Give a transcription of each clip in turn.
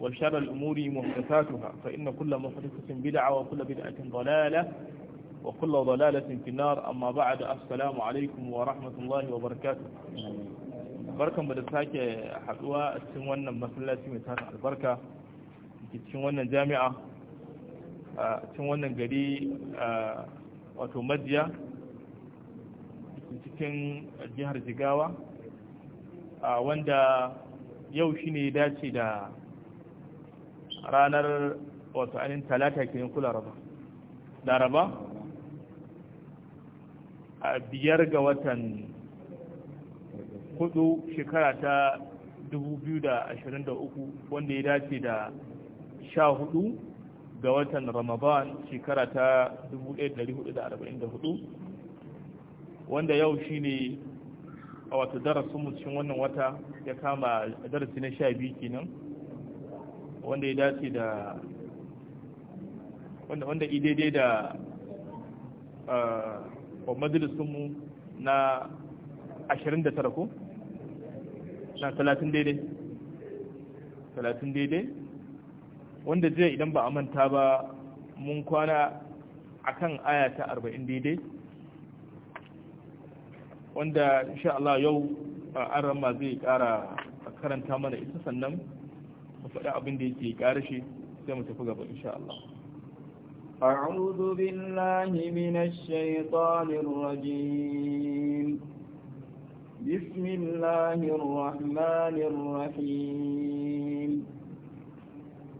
وشر الأمور محدثاتها فإن كل محدثة بدعة وكل بدعة ضلالة وكل ضلالة في النار أما بعد السلام عليكم ورحمة الله وبركاته barkan mu da sake haduwa a cikin wannan masallaci mai tana albarka cikin wannan jami'a a wannan gari majiya cikin jihar jigawa wanda yau shine dace da ranar wato anin talata ke yin kula raba raba a biyar ga watan hudu shekara ta 2023 wanda ya dace da sha hudu ga watan ramadan shekara ta 1444 wanda yau shi ne a wata darasinmu cikin wannan wata ya kama darasi na sha biyu kenan wanda ya dace da wanda wanda daidai da ah, a majalisunmu na 29 ko na 30 daidai 30 daidai wanda zai idan ba a manta ba mun kwana akan aya ta 40 daidai wanda insha Allah yau ah, an ramma zai kara karanta mana ita sannan mu faɗi دي تي yake ƙarashe sai mu tafi gaba أعوذ بالله من الشيطان الرجيم بسم الله الرحمن الرحيم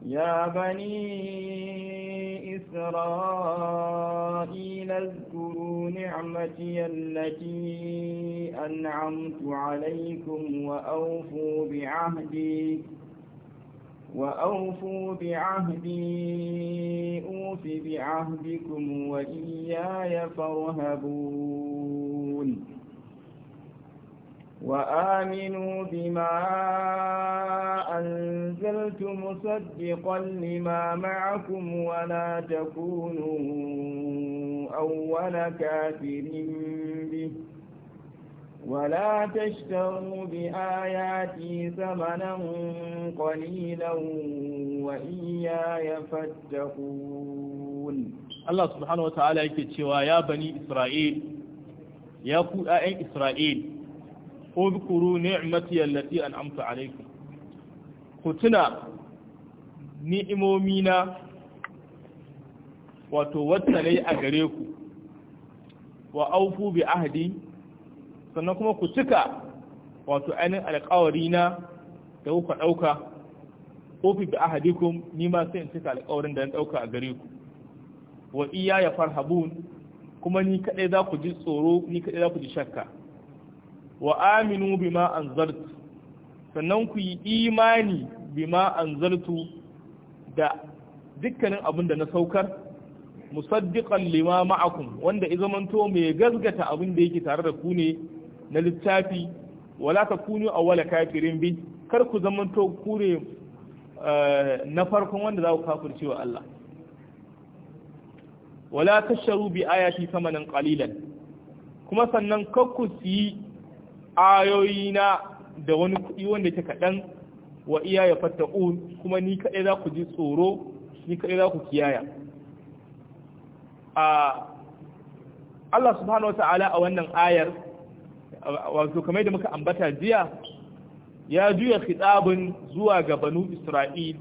يا بني إسرائيل اذكروا نعمتي التي أنعمت عليكم وأوفوا بعهدي وأوفوا بعهدي أوف بعهدكم وإياي فارهبون وآمنوا بما أنزلت مصدقا لما معكم ولا تكونوا أول كافر به ولا تشتروا بآياتي ثمنا قليلا وإياي فاتقون الله سبحانه وتعالى يكتشوا يا بني إسرائيل يا قوائن إسرائيل اذكروا نعمتي التي أنعمت عليكم قتنا ni'imomina wato wacce ne a gare sannan kuma ku cika wato ainihin alƙawari na da kuka ɗauka ofi da ahadikum ni ma sai in cika alƙawarin da na ɗauka a gare ku wa iya ya farhabun kuma ni kaɗai za ku ji tsoro ni kaɗai za ku ji shakka wa aminu bima anzartu sannan ku yi imani bima anzartu da dukkanin abin da na saukar musaddiqan lima ma'akum wanda ya zamanto mai gazgata abin da yake tare da ku ne na littafi wala a wala kafirin bi kar ku zamanto kure eh, na farkon wanda za ku kafirce wa Allah wala sharu bi ayati samanan kalilan kuma sannan kar ku siyi ayoyina da wani kuɗi wanda yake kaɗan wa iya ya fattaku kuma ni kaɗai za ku ji tsoro ni kaɗai za ku kiyaya a ah, Allah subhanahu wa ta'ala a wannan ayar wato kamar da muka ambata jiya ya juya khitabin zuwa ga banu Isra'il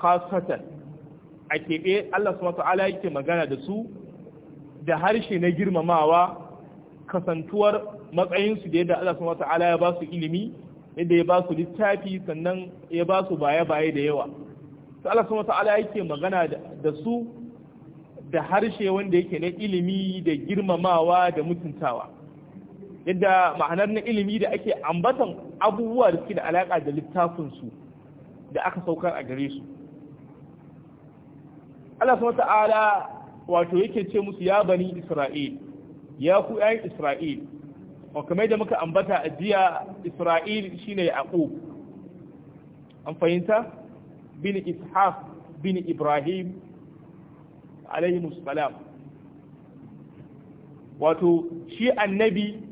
khasatan a keɓe Allah subhanahu ta'ala yake magana da su da harshe na girmamawa kasantuwar matsayinsu da yadda Allah subhanahu ta'ala ya ba su ilimi yadda ya ba su littafi sannan ya ba su baya baye da yawa To Allah subhanahu ta'ala yake magana da su da harshe wanda yake na ilimi da girmamawa da mutuntawa yadda ma'anar na ilimi da ake ambatan abubuwa da suke da alaƙa da littafinsu da aka saukar a gare su Allah subhanahu ta'ala wato yake ce musu ya bani Isra'il ya ku ƴan Isra'il wa kamar da muka ambata a jiya Isra'il shine Yaqub an fahimta bin Ishaq bin Ibrahim alayhi salam wato shi annabi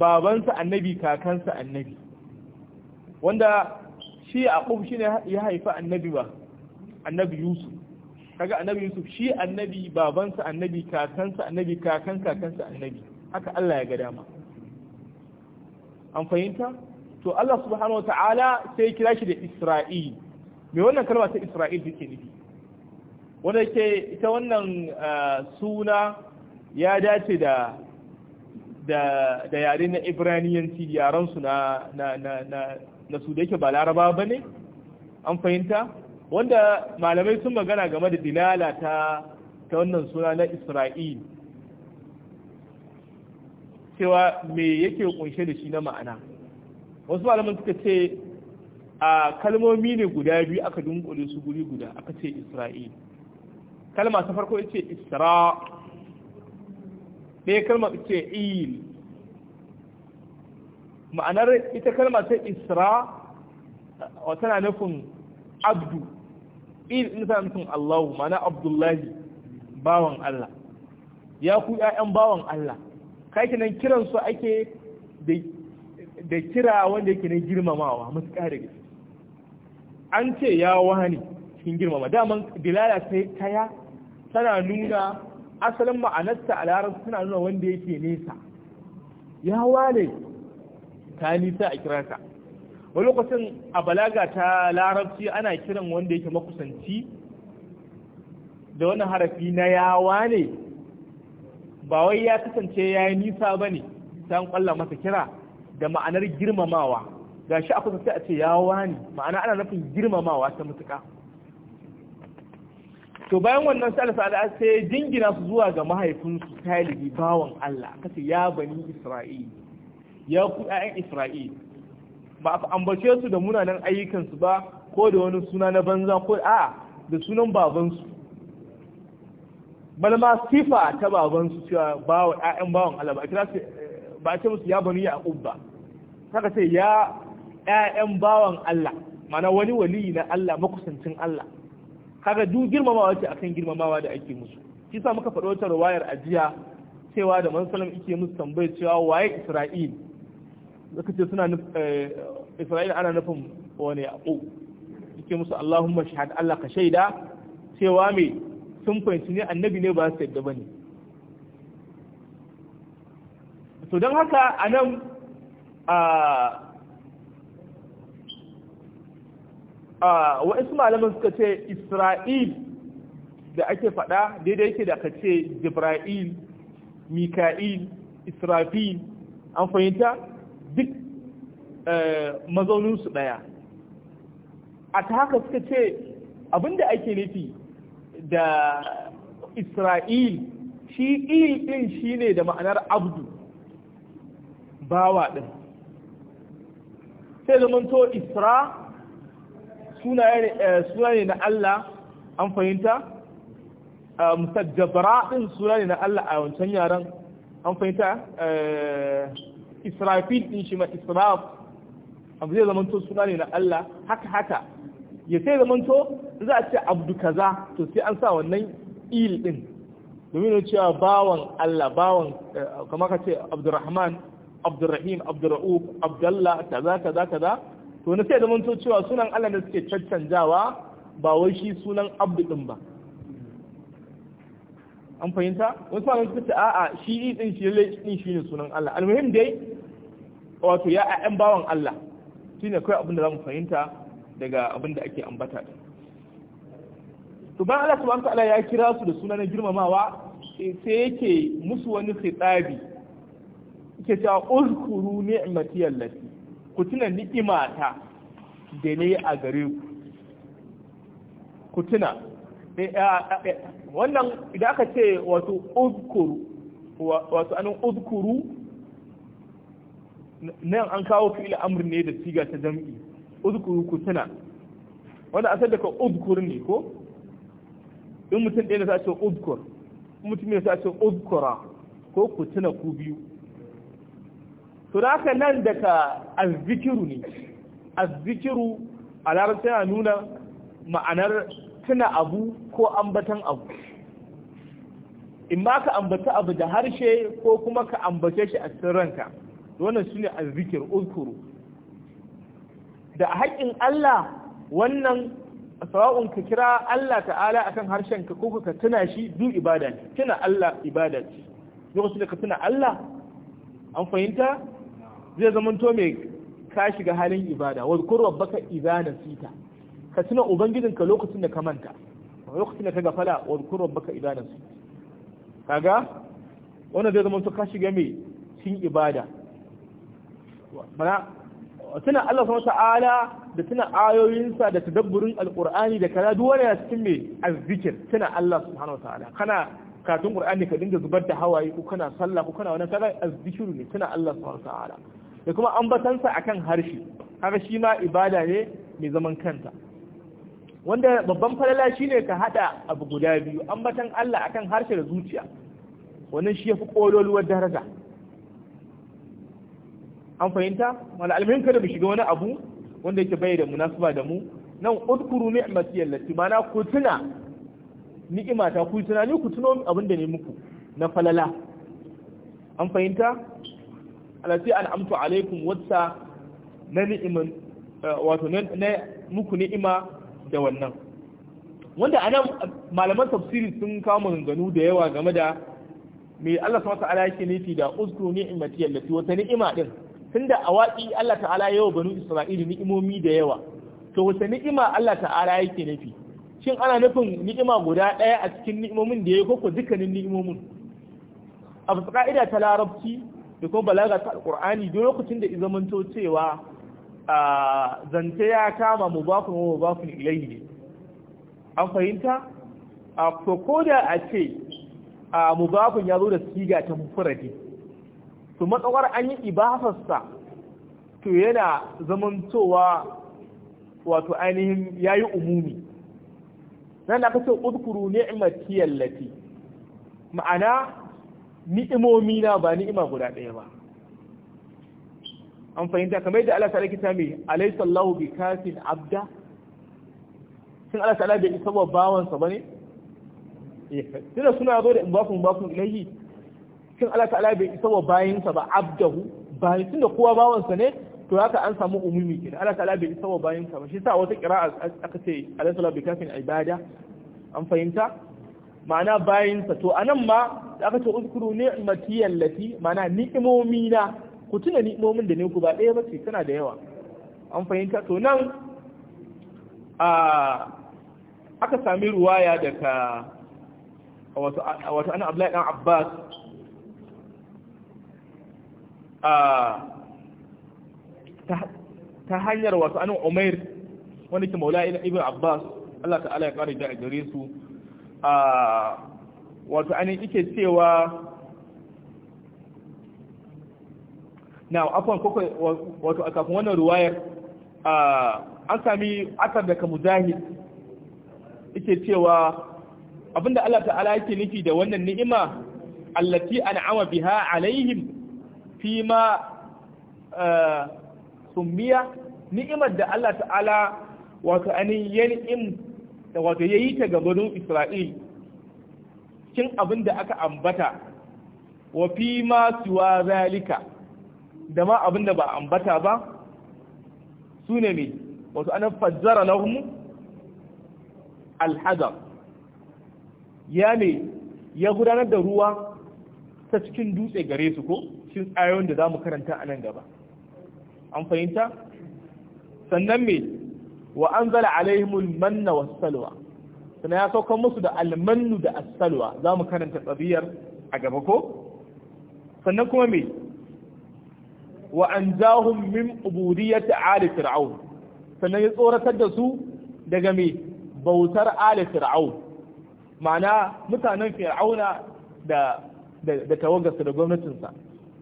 babansa annabi kakansa annabi wanda shi a shi ne ya haifa annabi ba annabi yusuf kaga annabi yusuf shi annabi babansa annabi kakansa annabi kakan kakansa annabi haka Allah ya ga dama an fahimta to Allah subhanahu wataala sai ya kira shi da isra'il me wannan kalma ta isra'il take nufi wanda ke ita wannan ah, suna ya dace da da yare na ibraniyanci yaran su na na na na su da yake ba laraba bane an fahimta wanda malamai sun magana game da dilala ta ta wannan suna na Isra'il cewa me yake kunshe da shi na ma'ana wasu malaman suka ce a kalmomi ne guda biyu aka dunkule su guri guda aka ce Isra'il kalma ta farko yace ce Isra' me kalma ce il ma'anar ita kalma ta isra wa tana nufin abdu il in tana nufin allahu ma'ana abdullahi bawan allah ya ku ya'yan bawan allah kai nan kiran su ake da kira wanda yake na girmamawa matuƙa da an ce ya wani cikin girmama daman bilala ta ya tana nuna asalin ma'anarsa a larabci suna nuna wanda yake nesa ya wane ta nisa a kiransa wani lokacin a balaga ta larabci ana kiran wanda yake makusanci da wani harafi na yawa ne ba wai ya kasance ya yi nisa ba ne ta kwallon masa kira da ma'anar girmamawa ga shi a kusa sai a ce yawa ne ma'ana ana nufin girmamawa ta mutuka to bayan wannan sa'ala sa'ala sai jingina su zuwa ga mahaifinsu talibi bawan Allah kace ya bani Isra'il ya ku ƴaƴan Isra'il ba a ambace su da munanan ayyukan su ba ko da wani suna na banza ko a da sunan babansu su, ma sifa ta babansu cewa bawa ƴaƴan bawan Allah ba kira eh, ba ce musu ya bani Yaqub ba saka sai ya ƴaƴan bawan Allah mana wani wali na Allah makusancin Allah kaga duk girmamawa ce akan girmamawa da ake musu shi sa muka faɗo wata ruwayar ajiya cewa da man salam ike musu tambayi cewa waye isra'il zaka ce suna eh, isra'il ana nufin wani yaƙo ike musu allahumma shahad allah ka shaida cewa me sun fahimci ne annabi ne ba su yadda ba ne to don haka a nan ah, wa'insu malaman suka ce isra'il da ake faɗa daidai yake da ka ce jibra'il mika'il israfil an fahimta duk eh, mazauninsu ɗaya a ta haka suka ce abinda ake nufi da isra'il shi il ɗin shi ne da ma'anar abdu bawa ɗin sai zamanto isra' suna eh, ne na Allah an fahimta eh, mustajabara Jabara suna ne na Allah a wancan yaran an fahimta eh, israfil din shi ma israf abu zai zamanto suna ne na Allah haka haka ya sai zamanto za a ce abdu kaza to sai an sa wannan il din domin cewa bawan Allah bawan kamar ka ce abdurrahman abdurrahim abdurra'uf abdallah kaza kaza kaza to na sai da manto cewa sunan Allah da suke caccanjawa ba wai shi sunan abdu din ba an fahimta wasu ma suka ce a'a shi din shi lalle din shi ne sunan Allah almuhim dai wato ya ayyan bawan Allah shine kai abin da zamu fahimta daga abin da ake ambata to ba Allah subhanahu wa ta'ala ya kira su da sunan girmamawa sai yake musu wani khitabi yake cewa uzkuru ni'matiyallati ku tuna ni'imata da ne a gare ku ku tuna eh, eh, eh, wannan idan aka ce wato uzkuru wato anan uzkuru nan an kawo fi'il amr ne da siga ta jam'i uzkuru ku tuna wanda asal daga uzkur ne ko in mutum ɗaya na sa ce uzkur mutum ne sa ce uzkura ko ku tuna ku biyu to da ka nan daga azzikiru ne azzikiru a larabci yana nuna ma'anar tuna abu ko ambatan abu in ma ka ambata abu da harshe ko kuma ka ambace shi a cikin ranka wannan ne azzikir uzkuru da haƙƙin Allah wannan sawa'un ka kira Allah ta'ala akan harshen ka ko ka tuna shi du ibada tuna Allah ibada ce Su da ka tuna Allah an fahimta zai zama to mai ka shiga halin ibada wa zukur rabbaka idza nasita ka tuna ka lokacin da ka manta lokacin da ka gafala wa zukur rabbaka idza nasita kaga wannan zai zama to ka shiga mai cin ibada mana tuna Allah subhanahu ta'ala da tuna ayoyinsa da tadabburin alqur'ani da kaza duk wani cikin mai azzikir tuna Allah subhanahu ta'ala kana katun qur'ani ka dinga zubar da hawaye ko kana sallah ko kana wani sallah azzikiru ne kana Allah subhanahu ta'ala da kuma ambatansa akan harshe haka shi ma ibada ne mai zaman kanta wanda babban falala shine ka hada abu guda biyu ambatan Allah akan harshe da zuciya wannan shi yafi kololuwar daraja an fahimta wala almin kada mu shiga wani abu wanda yake bai da munasaba da mu nan udkuru ni'mati allati mana ku tuna ni'ima ta ku tunani ku tuno abin da ne muku na falala an fahimta alati an amtu alaikum wata na ni'iman eh, wato na muku ni'ima da wannan wanda anan malaman tafsiri sun kawo maganganu da yawa game da me Allah subhanahu ta'ala yake nufi da uzkuru ni'mati allati wata ni'ima din tunda a Allah ta'ala yawa banu isra'ili ni'imomi da yawa to wata ni'ima Allah ta'ala yake nufi shin ana nufin ni'ima guda ɗaya a cikin ni'imomin da ya yi koko dukkanin ni'imomin a bisa ka'ida ta larabci da kuma balaga ta alƙur'ani don lokacin da izamanto cewa a zance ya kama mu ba ku ba ku ne an fahimta a ko da a ce a ku ya zo da siga ta mufuradi to matsawar an yi ibafarsa to yana zamantowa wato ainihin yayi umumi nan da aka ce udkuru ni'mati allati ma'ana ni'imomi na ba ni'ima guda ɗaya ba an fahimta kamar yadda Allah ta'ala kita mai alaysa Allahu bi kafin abda sun Allah ta'ala bai isa ba sa bane eh, tunda suna zo da imbafun bafun ilahi sun Allah ta'ala bai isa wa bayinsa ba abdahu bayin tunda kowa bawansa ne to haka an samu umumi kenan Allah ta'ala bai isa wa bayin sa shi sa wata qira'a aka ce Allah ta'ala bi kafin ibada an fahimta ma'ana bayin sa to anan ma aka ce uzkuru ni'mati allati ma'ana ni'imomi na ku tuna ni'imomin da ne ku ba ɗaya ba ce tana da yawa an fahimta to nan a aka sami ruwaya daga wato ana abdullahi dan abbas a ta hanyar wasu anin umair wani ke maula ibn abbas allah ta'ala ya kare da a gare su a wato anin ike cewa na afon koko wato a kafin wannan ruwayar an sami akar daga mujahid ike cewa abinda allah ta'ala yake nufi da wannan ni'ima allati an'ama biha alaihim fi ma summiya ni'imar da Allah ta'ala wato anin ya ni'im da wato ya yi ta ga Isra'il cin abin da aka ambata wa fi ma suwa zalika da ma abin da ba ambata ba su ne ne wato ana fazzara lahum alhazar ya ne ya gudanar da ruwa ta cikin dutse gare su ko cikin tsayon da za mu karanta a nan gaba an fahimta sannan me wa anzala alaihimul manna was salwa sannan ya sauka musu da almannu da as za mu karanta tsabiyar a gaba ko sannan kuma me wa anzahum min ubudiyyati ali fir'aun sannan ya tsoratar da su daga me bautar ali firau? ma'ana mutanen fir'auna da da tawagarsu da gwamnatinsa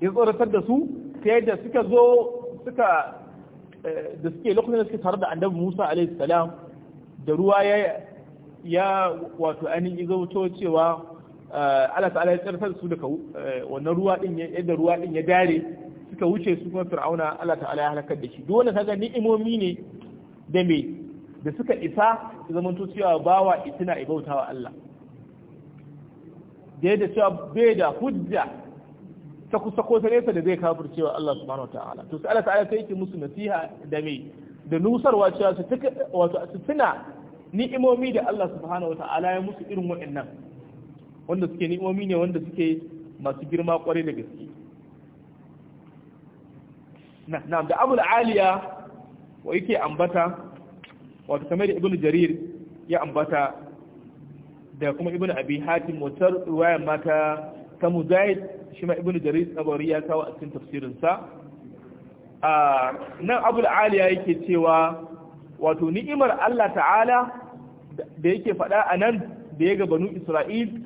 ya tsoratar da su ta da suka zo suka eh, da suke lokacin da suke tare da annabi Musa alayhi salam da ruwa ya ya wato ainihin izauto cewa eh, Allah ta'ala ya tsarfar su daga eh, wannan ruwa din yadda ruwa din ya dare suka wuce su kuma fir'auna Allah ta'ala ya halakar da shi duk wanda kaga ni'imomi ne da me da suka isa zaman to cewa bawa ituna ibautawa Allah da yadda cewa bai da hujja ta kusa ko ta nesa da zai kafircewa Allah subhanahu wataala to sai Allah ta'ala sai yake musu nasiha da me da nusarwa cewa su wato su tuna ni'imomi da Allah subhanahu wataala ya musu irin wa'annan wanda suke ni'imomi ne wanda suke masu girma kwarai da gaske na da abul aliya wa yake ambata wato kamar da ibnu jarir ya ambata da kuma ibnu abi hatim wata ruwayan mata ta mujahid shi ma ibn jarir tsabari ya kawo a cikin tafsirinsa a nan abul aliya yake cewa wato ni'imar Allah ta'ala da yake faɗa anan da ya ga banu isra'il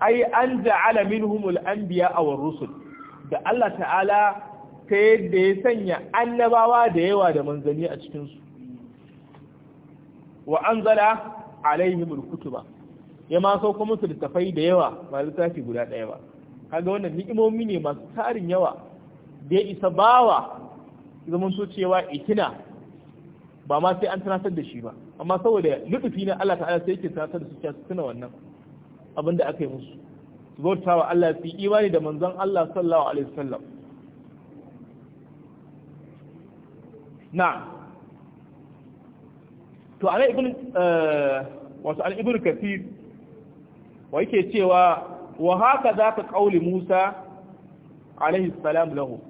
ai an ja'ala minhumul anbiya aw rusul da Allah ta'ala ta yadda ya sanya annabawa da yawa da manzanni a cikin su wa anzala alaihimul kutuba ya ma sauko musu littafai da yawa ba littafi guda ɗaya ba kaga wannan ni'imomi ne masu tarin yawa da ya isa bawa zaman so cewa ikina ba ma sai an tunatar da shi ba amma saboda lutufi na Allah ta'ala sai yake tunatar da su cewa tuna wannan abin da aka yi musu su wa Allah su yi imani da manzon Allah sallallahu alaihi wasallam Na to ana ibn eh, wato al ibn kathir wa yake cewa wa haka za ka ƙauli Musa alaihi salam lahu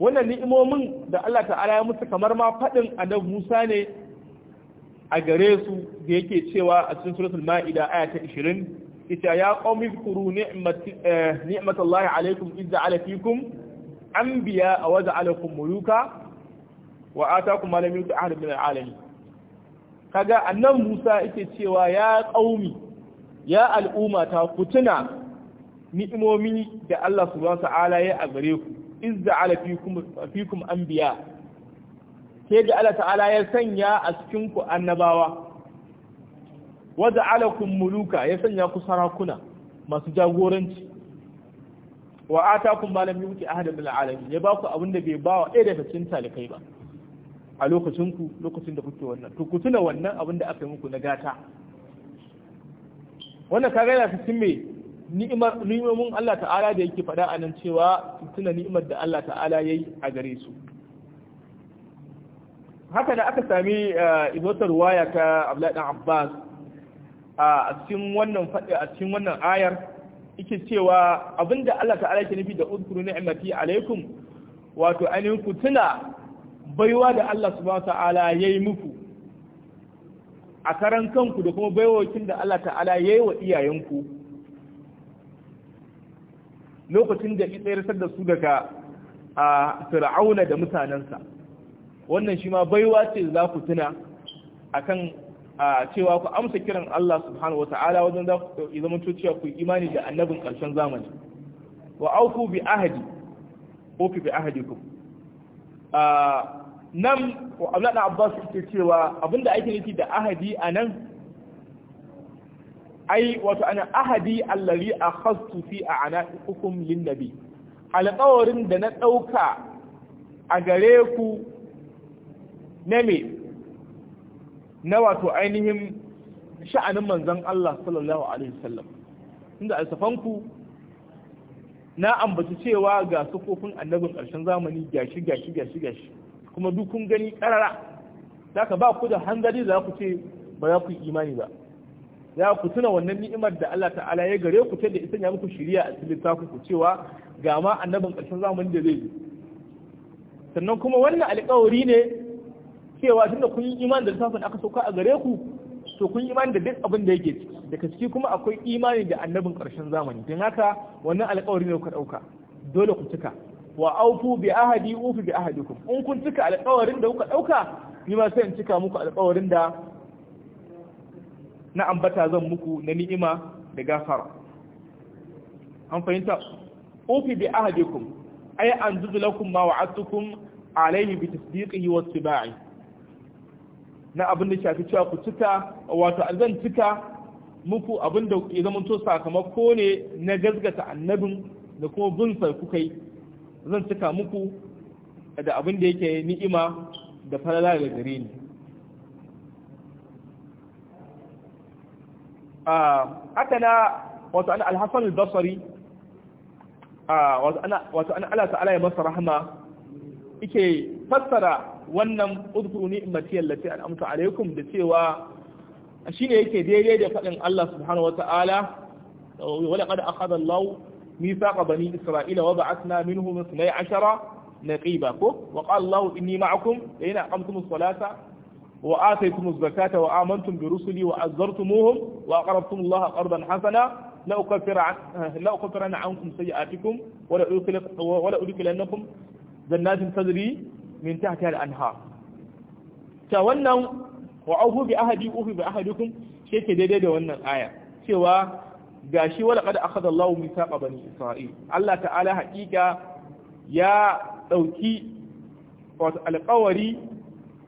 wannan ni'imomin da Allah ta'ala ya musu kamar ma faɗin annabi Musa ne a gare su da yake cewa a cikin suratul ma'ida aya ta 20 ita ya qaumi zkuru eh, ni'matallahi alaikum idh ja'ala fikum anbiya wa ja'alakum muluka wa ataakum ma lam yuti ahadun min al'alamin kaga annabi Musa yake cewa ya qawmi ya al'ummata ku tuna ni'imomi da Allah subhanahu ta'ala ya a gare ku izza ala kuma an biya, sai da Allah ta'ala ya sanya a cikinku annabawa wa ja'alakum muluka ya sanya ku sarakuna masu jagoranci wa atakum ma lam yuti ahadan bin alamin ya baku abin da bai bawa ɗaya daga cikin talikai ba a lokacin ku lokacin da kuke wannan to ku tuna wannan abin da aka yi muku na gata wannan kaga yana cikin me ni'imar ni'imomin Allah ta'ala da yake faɗa a nan cewa tuna ni'imar da Allah ta'ala yayi a gare su haka da aka sami ibotar eh, waya ta Abdullahi dan Abbas a cikin wannan faɗi a cikin wannan ayar yake cewa abinda Allah ta'ala yake nufi da udkuru ni'mati alaikum wato ainihin ku tuna baiwa da Allah subhanahu wa ta'ala yayi muku a karan kanku da kuma baiwakin da Allah ta'ala ya yi wa iyayenku lokacin da ya tsayar da su daga a fir'auna da mutanensa wannan shi ma baiwa ce za ku tuna a kan cewa ku amsa kiran Allah subhanahu wa ta'ala wajen za ku zama cewa ku imani da annabin ƙarshen zamani wa auku bi ahadi ko bi ahadi ku nan abdullahi abbas ke cewa abinda ake nufi da ahadi a nan ai wato ana ahadi allari a fi a ana hukum linnabi alƙawarin da na ɗauka a gare ku na me na wato ainihin sha'anin manzan Allah sallallahu alaihi wasallam inda alsafanku na ambaci cewa ga sufofin annabin ƙarshen zamani gashi gashi gashi gashi kuma dukun gani karara ka ba ku da hanzari za ku ce ba za ku yi imani ba za ku tuna wannan ni'imar da Allah ta'ala ya gare ku ta da isa ya muku shiriya a cikin taku ku cewa ga ma annabin ƙarshen zamani da zai zo sannan kuma wannan alƙawari ne cewa tunda kun yi imani da littafin aka sauka a gare ku to kun yi imani da duk abin da yake ciki daga ciki kuma akwai imani da annabin ƙarshen zamani don haka wannan alƙawari ne ku ɗauka dole ku cika wa aufu bi ahadi ufi bi ahadikum in kun cika alƙawarin da kuka dauka ni ma sai in cika muku alƙawarin da na ambata zan muku na ni'ima da gafara an fahimta ufi bi ahadikum ay an lakum ma wa'adtukum alayhi bi tasdiqihi wa tibai na abin da shafi cewa ku cika wato zan cika muku abin da ya zama to sakamako ne na gazgata annabin da kuma bin sa kuka yi zan cika muku da abin da yake ni'ima da falala da gare ni Haka na wato an alhassan albasari wato an ala ta'ala ya masa rahama ike fassara wannan udkuru ni'mati allati amsa alaikum da cewa shine yake daidai da faɗin Allah subhanahu wata'ala wa laqad akhadha Allahu ميثاق بني إسرائيل وبعثنا منهم اثني عشر نقيبا وقال الله إني معكم لئن أقمتم الصلاة وآتيتم الزكاة وآمنتم برسلي وعزرتموهم وأقرضتم الله قرضا حسنا لأكفر عن لأكفرن عنكم سيئاتكم ولا أدخل ولا أدخلنكم جنات تجري من تحتها الأنهار تولوا وأوفوا بعهدي أوفي بعهدكم شيء daidai da wannan aya cewa gashi wala qad akhadha Allahu mithaqa bani Isra'il Allah ta'ala haƙiƙa ya dauki wato alƙawari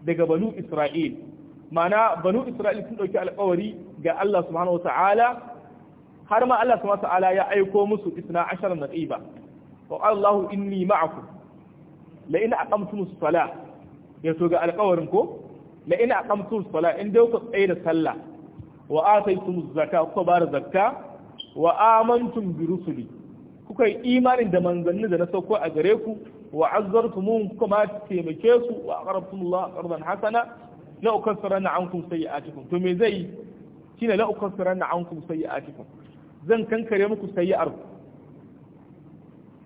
daga banu Isra'il mana banu Isra'il sun dauki alƙawari ga Allah subhanahu wata'ala har ma Allah subhanahu wata'ala ya aiko musu isna ashar naqiba wa Allah inni ma'akum la in aqamtum as-salah yato ga alƙawarin ko la in aqamtum as-salah in dai ku tsaye da sallah wa ataytum az-zakata ku ba da zakka wa amantum bi rusuli kuka yi imanin da manzanni da na sauko a gare ku wa azzartumun kuka ma taimake su wa aqrabtumullah qardan hasana la ukaffiranna ankum sayi'atikum to me zai shine la ukaffiranna ankum sayi'atikum zan kankare muku sayi'ar ku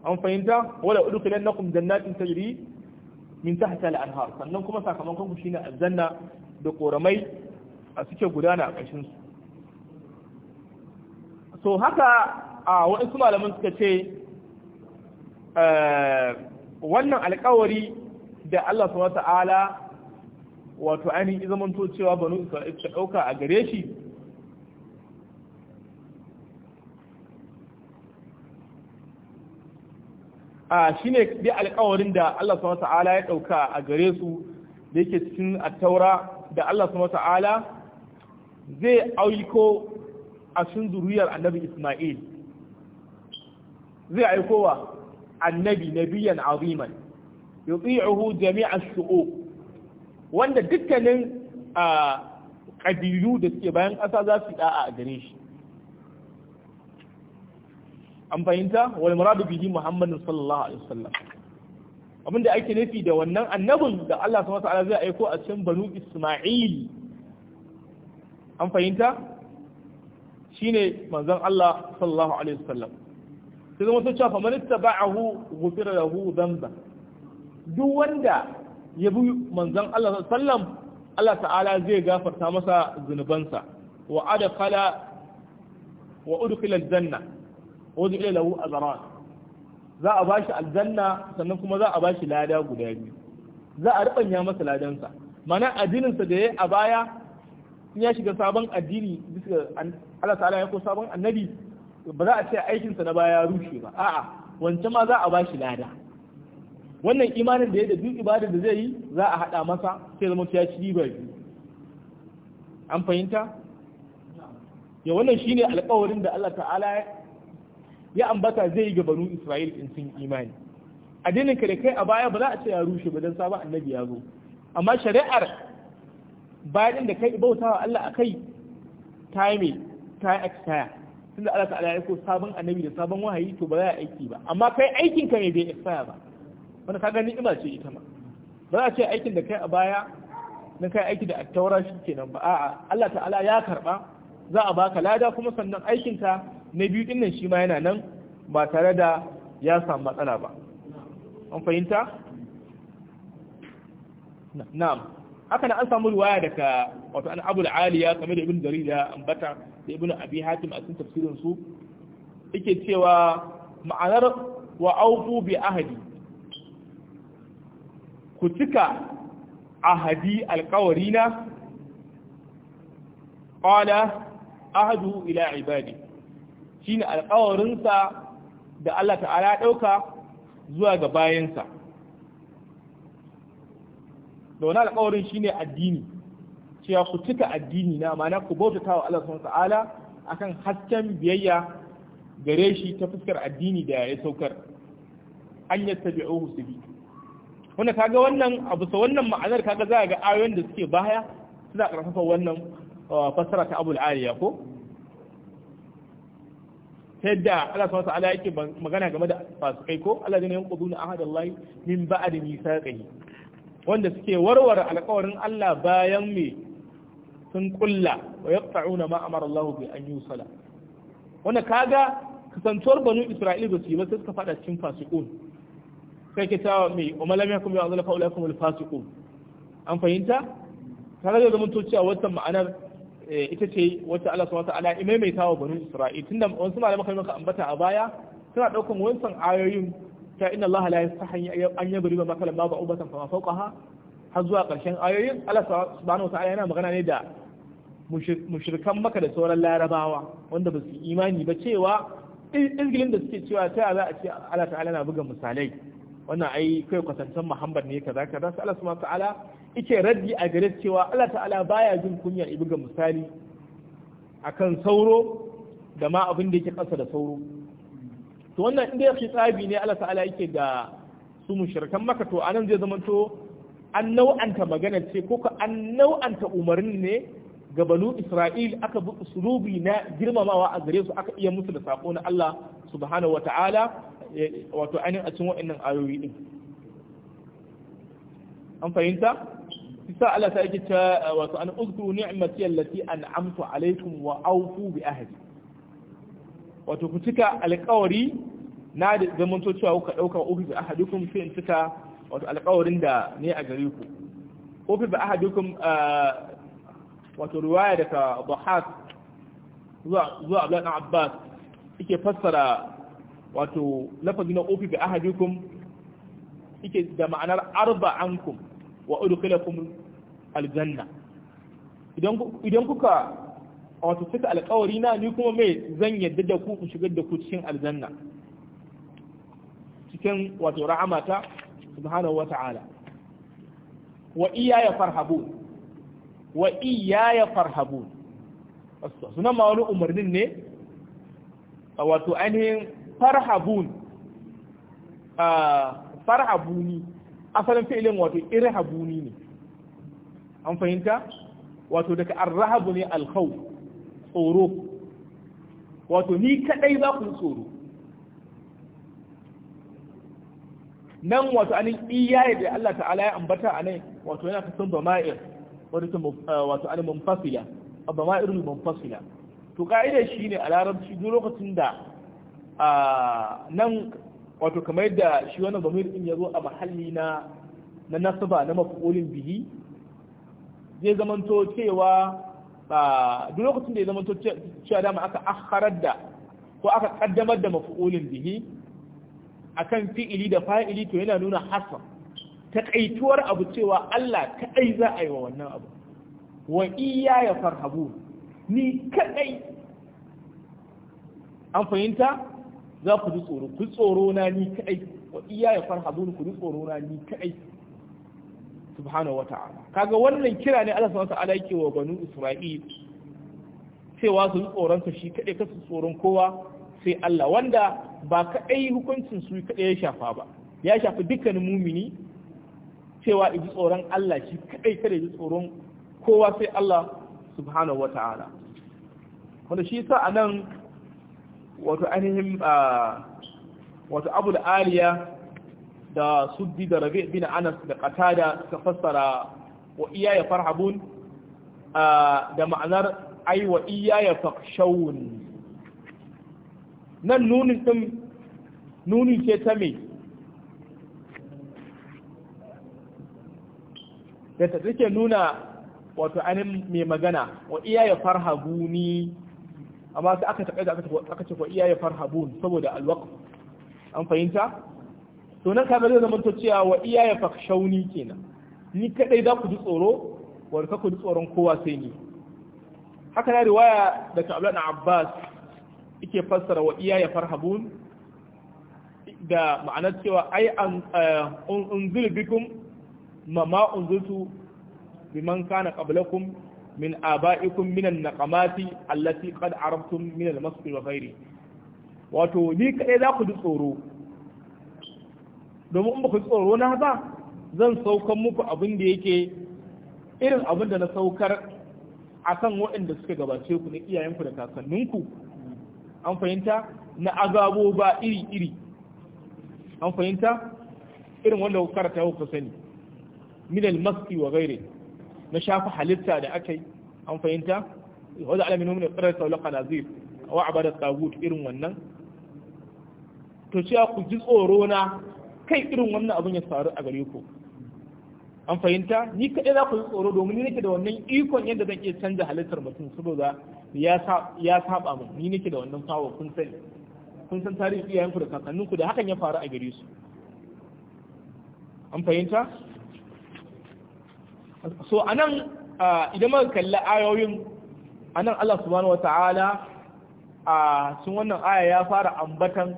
an fahimta wala udkhilannakum jannatin tajri min tahtiha al-anhar sannan kuma sakamakon ku shine aljanna da koramai a suke gudana a kashin su to haka a waɗansu malamin suka ce e, wannan alkawari da Allah subhanahu wata'ala wato ainihin zamanto cewa banu isra'il ta ɗauka a gare shi a shine dai alkawarin da Allah subhanahu wata'ala ya ɗauka a gare su da yake cikin a taura, da Allah subhanahu wata'ala zai auliko a cikin zuriyar annabi Ismail zai aikowa annabi nabiyan aziman yuti'uhu jami'a shu'ub wanda dukkanin ƙabilu da suke bayan ƙasa za su da'a a gare shi an fahimta wal muradu bihi muhammadin sallallahu alaihi wasallam abinda ake nufi da wannan annabin da Allah subhanahu wa ta'ala zai aiko a cikin banu Isma'il an fahimta shine manzon Allah sallallahu alaihi wasallam sai zama sun cewa man ittaba'ahu ghufira lahu dhanba duk wanda ya bi manzon Allah sallallahu alaihi wasallam Allah ta'ala zai gafarta masa zunubansa wa adkhala wa udkhila aljanna wa udkhila lahu azran za a bashi aljanna sannan kuma za a bashi lada guda biyu za a rubanya masa ladansa mana addininsa da ya a baya in ya shiga sabon addini bisa Allah ta'ala ya ko sabon annabi ba za a ce aikinsa na baya ya rushe ba a'a wancan ma za a ba shi lada wannan imanin da ya da duk ibada da zai yi za a haɗa masa sai zama ya ci riba biyu an fahimta ya wannan shine alƙawarin da Allah ta'ala ya ambata zai yi ga banu Isra'il in sun imani addinin ka da kai a baya ba za a ce ya rushe ba dan sabon annabi ya zo amma shari'ar bayan da kai bautawa Allah akai ta ta expire da Allah ta'ala ya ko sabon annabi da sabon wahayi to ba za a aiki ba amma kai aikin ka ne bai expire ba wanda ka gani ni'ima ce ita ma ba za a ce aikin da kai a baya na kai aiki da attaura shi kenan ba a'a Allah ta'ala ya karba za a baka lada kuma sannan aikin ka na biyu din nan shi ma yana nan ba tare da ya samu matsala ba an fahimta na'am haka na an samu ruwaya daga wato an abul aliya kamar da ibn jarida ya ambata da ibn abi hatim a cikin tafsirin su yake cewa ma'anar wa aufu bi ahadi ku cika ahadi alkawarina qala ahadu ila ibadi shine alkawarinsa da Allah ta'ala dauka zuwa ga bayansa da wani alkawarin shine addini cewa ku cika addini na ma'ana ku bautata wa Allah subhanahu ta'ala akan hasken biyayya gare shi ta fuskar addini da ya saukar an yattabi'uhu bi wanda kaga wannan abu sa wannan ma'anar kaga za a ga ayoyin da suke baya suna karfafa wannan uh, fassara ta Abu aliya ko ta yadda Allah subhanahu ta'ala yake magana game da fasikai ko Allah ne yanquduna ahadallahi min ba'di mithaqihi wanda suke warware alƙawarin Allah bayan me sun kulla wa yaqta'una ma amara Allah bi an yusala wannan kaga kasantuwar banu Isra'ila ba su yi ba sai suka fada cikin fasiqun sai ke ta mai umalam yakum ya azla faulakum al fasiqun an fahimta kaga da zaman to cewa wannan ma'anar eh, ita ce wata Allah subhanahu wataala ya maimaita wa banu Isra'ila tunda wasu malaman kai maka ambata a baya suna daukan wancan ayoyin ta inna Allah la yastahi an ba makalan ma ba'ubatan fama fawqaha har zuwa ƙarshen ayoyin Allah subhanahu wa ta'ala yana magana ne da mushrikan maka da sauran larabawa wanda ba su imani ba cewa izgilin da suke cewa ta za a ce Allah ta'ala na buga misalai wannan ai kai kwatantan Muhammad ne kaza kaza sai Allah subhanahu ta'ala yake raddi a gare cewa Allah ta'ala baya jin kunya i buga misali akan sauro da ma abin da yake kasa da sauro to wannan inda ya tsabi ne Allah ta'ala yake da su mushrikan maka to anan zai zamanto an nau'anta magana ce ko ka an nau'anta umarni ne ga banu Isra'il aka bi usulubi na girmamawa a gare su aka iya musu da sako na Allah subhanahu wata'ala wato ainihin a cikin wa'annan ayoyi din an fahimta sa Allah ta yake ta wato an uzkuru ni'mati allati an'amtu alaikum wa awfu bi ahdi wato ku cika alƙawari na da zamanto cewa ɗauka dauka uku bi ahadukum sai in cika wato alƙawarin da ne a gare ku ko fi ba ahadukum ah, wato Ruwaya daga Bahas zuwa zuwa Abdullah Abbas yake fassara wato lafazi na ofi bi ahadikum yake da ma'anar arba'ankum wa kuma aljanna idan idan kuka wato suka alƙawari na ni kuma mai zan yadda da ku in shigar da ku cikin aljanna cikin wato rahamata subhanahu wa ta'ala wa iyaya farhabun wa iyaya farhabun sunan ma wani umarnin ne wato ainihin farhabun farhabuni asalin fi'ilin wato irhabuni ne an fahimta wato daga arrahabu ne alkhawf tsoro wato ni kaɗai za ku tsoro nan wato anin iyaye da Allah ta'ala ya ambata a nan wato yana kasan Bama'ir, eh, wato anin munfasila a dama'irul munfasila to ka'idar shi ne a larabci duk lokacin da nan wato kamar yadda shi wannan damir din ya zo a mahalli na na nasaba na mafi'ulin bihi zai zamanto cewa duk lokacin da ya zamanto cewa dama aka akharar da ko aka kaddamar da mafi'ulin bihi akan fi'ili da fa'ili to yana nuna hasa Taƙaituwar abu cewa Allah kadai za a yi wa wannan abu wa iya ya farhabu ni kadai an fahimta za ku ji tsoro ku tsoro na ni kadai wa iya ya farhabu ku ji tsoro na ni kadai subhanahu wata'ala kaga wannan kira ne Allah subhanahu wata'ala yake wa banu Isra'il cewa su tsoron shi kadai kasu tsoron kowa sai Allah wanda ba kaɗai hukuncin su kaɗai ya shafa ba ya shafi dukkanin mumini cewa iji tsoron Allah shi kaɗai kada ji tsoron kowa sai Allah subhanahu wa ta'ala wanda shi sa a wato ainihin wato abu da aliya da suddi da rabi bin anas da qatada suka fassara wa iya farhabun da ma'anar ai wa iya ya fakshawun nan nunin ɗin nuni ce ta me da ta take nuna wato anin mai magana wa iya ya farha ni amma sai aka taƙaita aka ce wa iya ya guni saboda alwaq an fahimta to nan kaga zai zama to cewa wa iya ya fakshauni kenan ni kadai za ku ji tsoro wa ka ku ji tsoron kowa sai ni haka na riwaya daga na Abbas suke fassara wa iya ya farhabun da ma'anar cewa ai an eh, unzil bikum ma ma unziltu biman kana qablakum min aba'ikum min an-naqamati allati qad arabtum min al-masq wa ghairi wato ni kaɗai za ku ji tsoro domin in ba ku tsoro na ba zan saukan muku abin da yake irin abin da na saukar akan waɗanda suka gabace ku na iyayenku da kakanninku an fahimta na agabo ba iri-iri an fahimta irin wanda kuka karata ku sani minal maski wa gaire na shafa halitta da aka yi an fahimta wadda alamin min qirar saulaka nazir wa abada tagut irin wannan to cewa ku ji tsoro na kai irin wannan abin ya faru a gare ku an fahimta ni kaɗai za ku yi tsoro domin ni nake da wannan ikon yadda zan iya canza halittar mutum saboda ya saba min ni nake da wannan fawa kun sani kun san tarihi iyayenku da kakanninku da hakan ya faru a gare su an fahimta so anan idan muka kalli ayoyin anan Allah subhanahu wataala a cikin wannan aya ya fara ambatan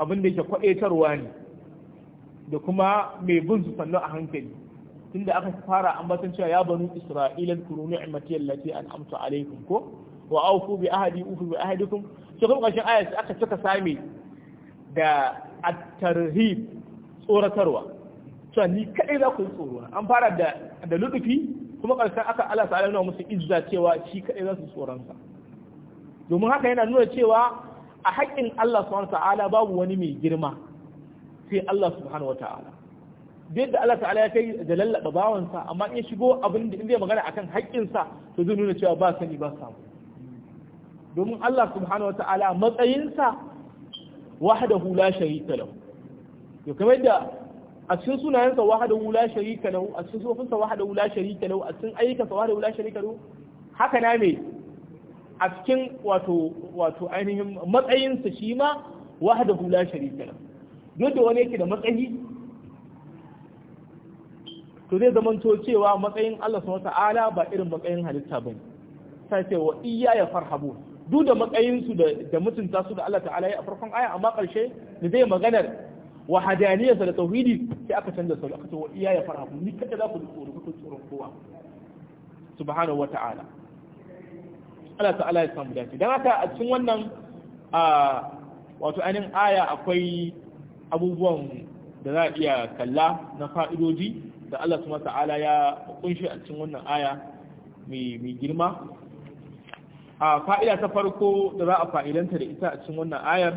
abin da yake kwaɗetarwa ne da kuma mai bin su sannu a hankali tunda aka fara ambaton cewa ya banu isra'ila kuru ni'mati allati an'amtu alaykum ko wa aufu bi ahadi ufu bi ahadikum to kuma kashin ayat aka cika sami da at-tarhib tsoratarwa to ni kai za ku yi tsoro an fara da da lutufi kuma karshen aka Allah ta'ala nuna musu izza cewa shi kai za su tsoronsa domin haka yana nuna cewa a haƙƙin Allah subhanahu wa ta'ala babu wani mai girma sai Allah subhanahu wa ta'ala duk da Allah ta'ala ya kai da lallaba bawansa amma in shigo abin da in zai magana akan haƙƙinsa to zai nuna cewa ba sani ba samu domin Allah subhanahu wata'ala matsayinsa wahdahu la sharika lahu to kamar da a cikin sunayensa wahdahu la sharika lahu a cikin sufofinsa wahdahu la sharika lahu a cikin ayyukansa wahdahu la sharika lahu haka na me a cikin wato wato ainihin matsayinsa shi ma wahdahu la sharika lahu duk da wani yake da matsayi to zai zamanto cewa matsayin Allah subhanahu ta'ala ba irin matsayin halitta bane sai ce wa iya ya farhabu duk da matsayin su da mutunta su da Allah ta'ala ya farkon aya amma ƙarshe da zai maganar wa hadaniyarsa da tauhidi sai aka canza sau aka ce wa iya ya farhabu ni kada za ku tsoro ku tsoron kowa subhanahu wata'ala Allah ta'ala ya samu dace dan haka a cikin wannan wato ainihin aya akwai abubuwan da za a iya kalla na fa'idoji da Allah subhanahu ta'ala ya kunshi a cikin wannan aya mai girma a fa'ida ta farko da za a fa'idanta da ita a cikin wannan ayar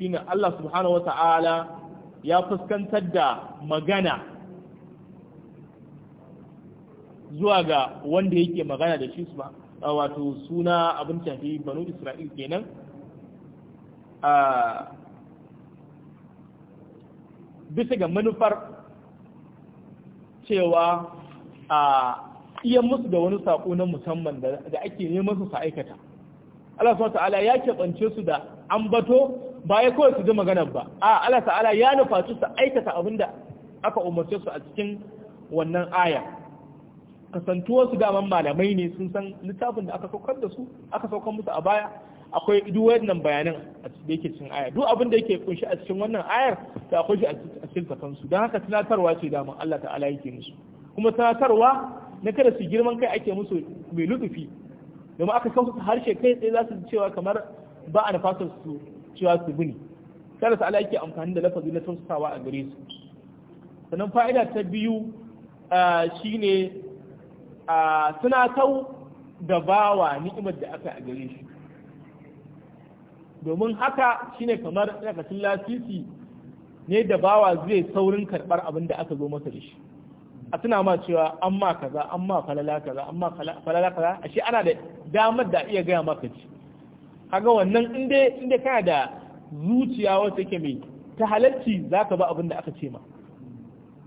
shine Allah subhanahu ta'ala ya fuskantar da magana zuwa ga wanda yake magana da shi su ba wato suna abin shafi banu Isra'il kenan bisa ga manufar cewa a iya musu da wani saƙo na musamman da ake neman su aikata Allah subhanahu ta'ala ya keɓance su da ambato ba ya kawai su ji maganar ba a Allah ta'ala ya nufa su aikata abin da aka umarce su a cikin wannan aya kasantuwar su da malamai ne sun san littafin da aka saukar da su aka saukar musu a baya akwai duk wannan bayanan a da yake cikin aya duk abin da yake kunshi a cikin wannan ayar ta akwai shi a cikin kafansu don haka tunatarwa ce mun Allah ta'ala yake musu kuma tunatarwa na kada su girman kai ake musu mai lutufi domin aka kawo su harshe kai tsaye za su cewa kamar ba a nafasar su cewa su bini kada su yake amfani da lafazi na tausasawa a gare su sannan fa'ida ta biyu shine suna kau da bawa ni'imar da aka a gare shi domin haka shine kamar dakacin lasisi ne da bawa zai saurin karɓar abin da aka zo masa da shi a tuna ma cewa an ma kaza an ma falala kaza an ma falala kaza ashe ana da damar da iya gaya maka ci kaga wannan inda inda kana da zuciya wata ke mai ta halarci za ka ba abin da aka ce ma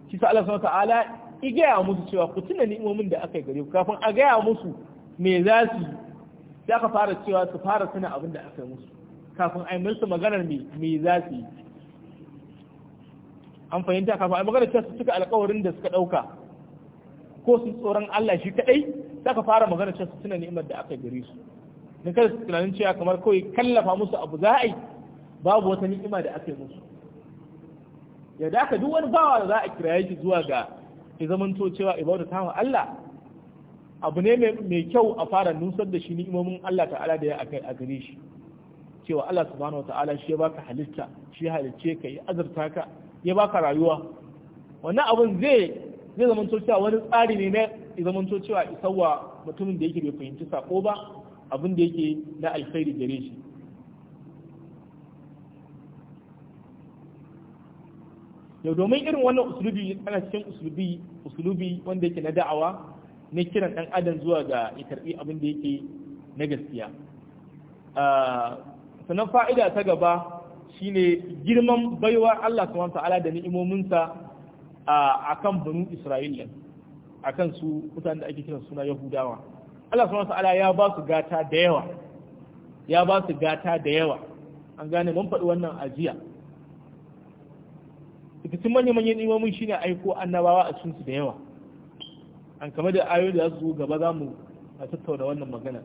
shi sa Allah subhanahu ta'ala i gaya musu cewa ku tuna ni'imomin da aka gare ku kafin a gaya musu me za su ya ka fara cewa su fara tuna abin da aka yi musu kafin a yi musu maganar me za su yi an fahimta kafin a maganar cewa su cika alkawarin da suka ɗauka ko su tsoron Allah shi kaɗai za ka fara maganar cewa su tuna ni'imar da aka gare su don kada su tunanin cewa kamar kawai kallafa musu abu za a yi babu wata ni'ima da aka yi musu yadda aka duk wani bawa da za a kiraye shi zuwa ga ya zamanto cewa ibada ta Allah abu ne mai kyau a fara nusar da shi ni'imomin Allah ta'ala da ya a gare shi cewa Allah subhanahu wataala shi ya baka halitta shi halicce ka ya azurta ka ya baka rayuwa wannan abin zai zai zama cewa wani tsari ne na zama cewa isawa mutumin da yake bai fahimci sako ba abin da yake na alkhairi gare shi yau domin irin wannan usulubi ana cikin usulubi usulubi wanda yake na da'awa na kiran dan adam zuwa ga ya karbi abin da yake na gaskiya ah, sannan fa'ida ta gaba shi ne girman baiwa Allah subhanahu ta'ala da ni'imominsa a kan banu Isra'ila kan su mutane da ake kiran suna Yahudawa Allah subhanahu ta'ala ya ba su gata da yawa ya ba su gata da yawa an gane mun faɗi wannan ajiya cikin manya-manyan ni'imomin ne aiko annabawa a cikinsu da yawa an kama da ayoyi da za su zo gaba za mu a tattauna wannan magana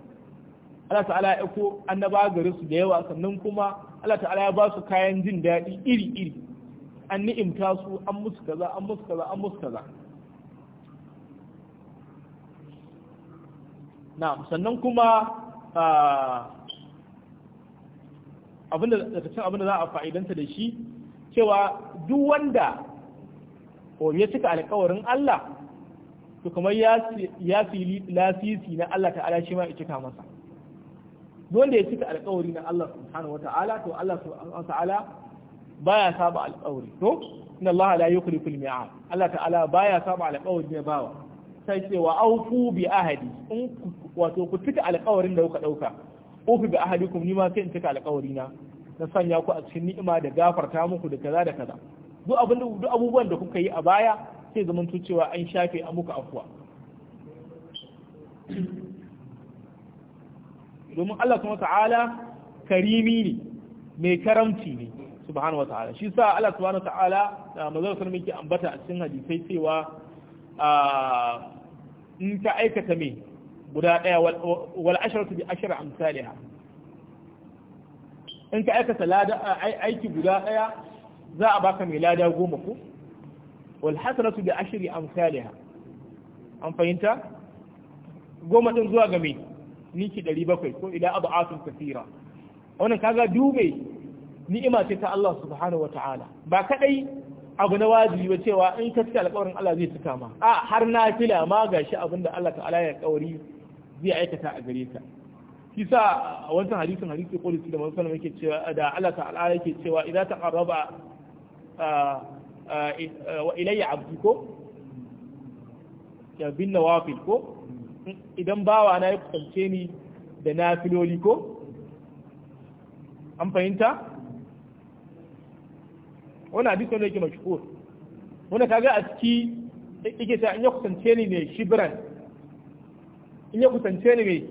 Allah ta'ala ya ko annaba gare su da yawa sannan kuma Allah ta'ala ya ba su kayan jin daɗi iri-iri an ni'imta su an musu kaza an musu kaza an musu kaza na'am sannan kuma abinda daga cikin abinda za a fa'idanta da shi cewa duk wanda ya cika alkawarin Allah to kamar ya fi lasisi na Allah ta'ala shi ma ya cika masa wanda ya cika alkawari na Allah subhanahu wata'ala to Allah subhanahu wata'ala baya saba alkawari to inna Allah la yukhlifu al-mi'ad Allah ta'ala baya saba alkawari ne bawa sai ce wa aufu bi ahadi in wato ku cika alkawarin da kuka dauka ufi bi ahadikum ni ma sai in cika alkawari na na sanya ku a cikin ni'ima da gafarta muku da kaza da kaza duk abin duk abubuwan da kuka yi a baya sai zaman cewa an shafe a muku afwa domin Allah subhanahu ala karimi ne mai karamci ne subhanahu ala shi sa Allah subhanahu ta'ala da manzon sallallahu ke ambata a cikin hadisai cewa in ka aikata me guda daya wal su bi ashra amsalha in ka aikata aiki guda daya za a baka mai lada goma ko wal su bi ashri amsalha an fahimta goma din zuwa ga mai ninki ɗari bakwai ko ila abu asun kasira wannan kaga dube ni'ima ce ta Allah subhanahu wa ta'ala ba kadai abu na wajibi ba cewa in ka cika alƙawarin Allah zai cika ma a har na fila ma gashi abinda Allah ta'ala ya kauri zai aikata a gare ka shi sa a wancan hadisin hadisi qudsi da manzon yake cewa da Allah ta'ala yake cewa idza taqarraba wa ilayya abdi ko ya bin nawafil ko idan bawa na ya kusance ni da na filoli ko an fahimta wani hadisi wanda yake mashhur wanda kaga a ciki ike ta in ya kusance ni ne shibiran in ya kusance ni ne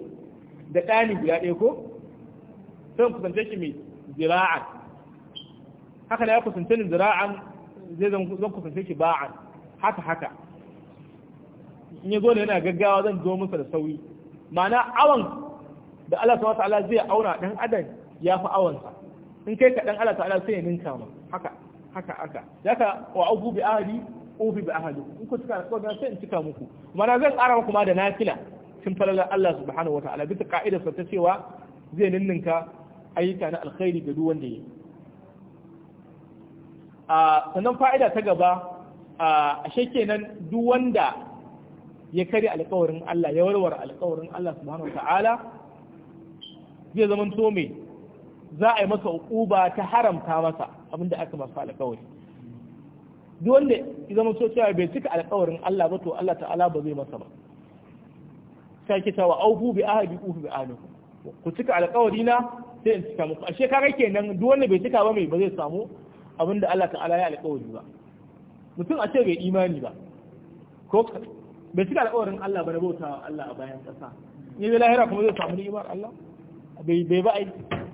da ɗani guda ɗaya ko sai kusance shi mai zira'an haka na ya kusance ni zira'an zai zan kusance shi ba'an haka haka in ya zo da yana gaggawa zan zo masa da sauri ma'ana awan da Allah subhanahu ta'ala zai aura dan adam ya fi awansa in kai ka dan Allah ta'ala sai ya ninka ma haka haka haka zaka wa afu bi ahli ufi bi ahli in ku suka ko dan sai in cika muku ma'ana zan ƙara muku ma da nafila cin falalar Allah subhanahu wata'ala bisa sa ta cewa zai ninninka ayyuka na alkhairi ga duk wanda ya yi ah, sannan fa'ida ta gaba a ah, kenan duk wanda ya kare alƙawarin Allah ya warware alƙawarin Allah subhanahu ta'ala zai zama to me za a yi masa uquba ta haramta masa abinda aka masa alƙawari duk wanda ya zama so cewa bai cika alƙawarin Allah ba to Allah ta'ala ba zai masa ba sai ki ta wa aufu bi ahdi ku bi ahdikum ku cika alƙawari na sai in cika muku ashe kaga kenan duk wanda bai cika ba mai ba zai samu abinda Allah ta'ala ya alƙawari ba mutum a ce bai imani ba ko bai cika alƙawarin Allah ba na bauta Allah a bayan ƙasa ne bai lahira kuma zai samu ni'imar Allah bai bai ba aiki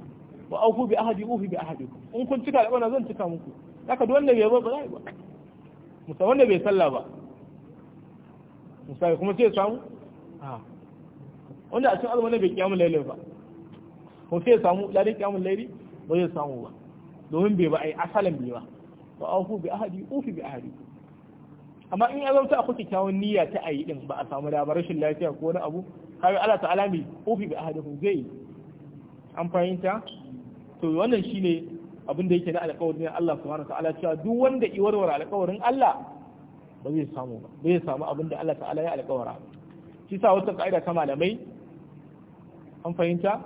Ba auku bi ahadi ufi bi ahadi in kun cika alƙawarin zan cika muku haka duk wanda bai ba ba zai ba musa wanda bai sallah ba musa kuma sai samu a wanda a cikin azumi ne bai kiyamu lailai ba kuma sai samu ladin kiyamu laili ba zai samu ba domin bai ba ai asalan bai ba wa auku bi ahadi ufi bi ahadi amma in ya zauta akwai kyakkyawan niyya ta ayi din ba a samu da rashin lafiya ko wani abu kawai Allah ta'ala mai ofi ga ahadahu zai an fahimta to wannan shine abin da yake na alƙawarin Allah subhanahu ta'ala cewa duk wanda i warware alƙawarin Allah ba zai samu ba ba zai samu abin da Allah ta'ala ya alƙawara shi sa wata ka'ida ta malamai an fahimta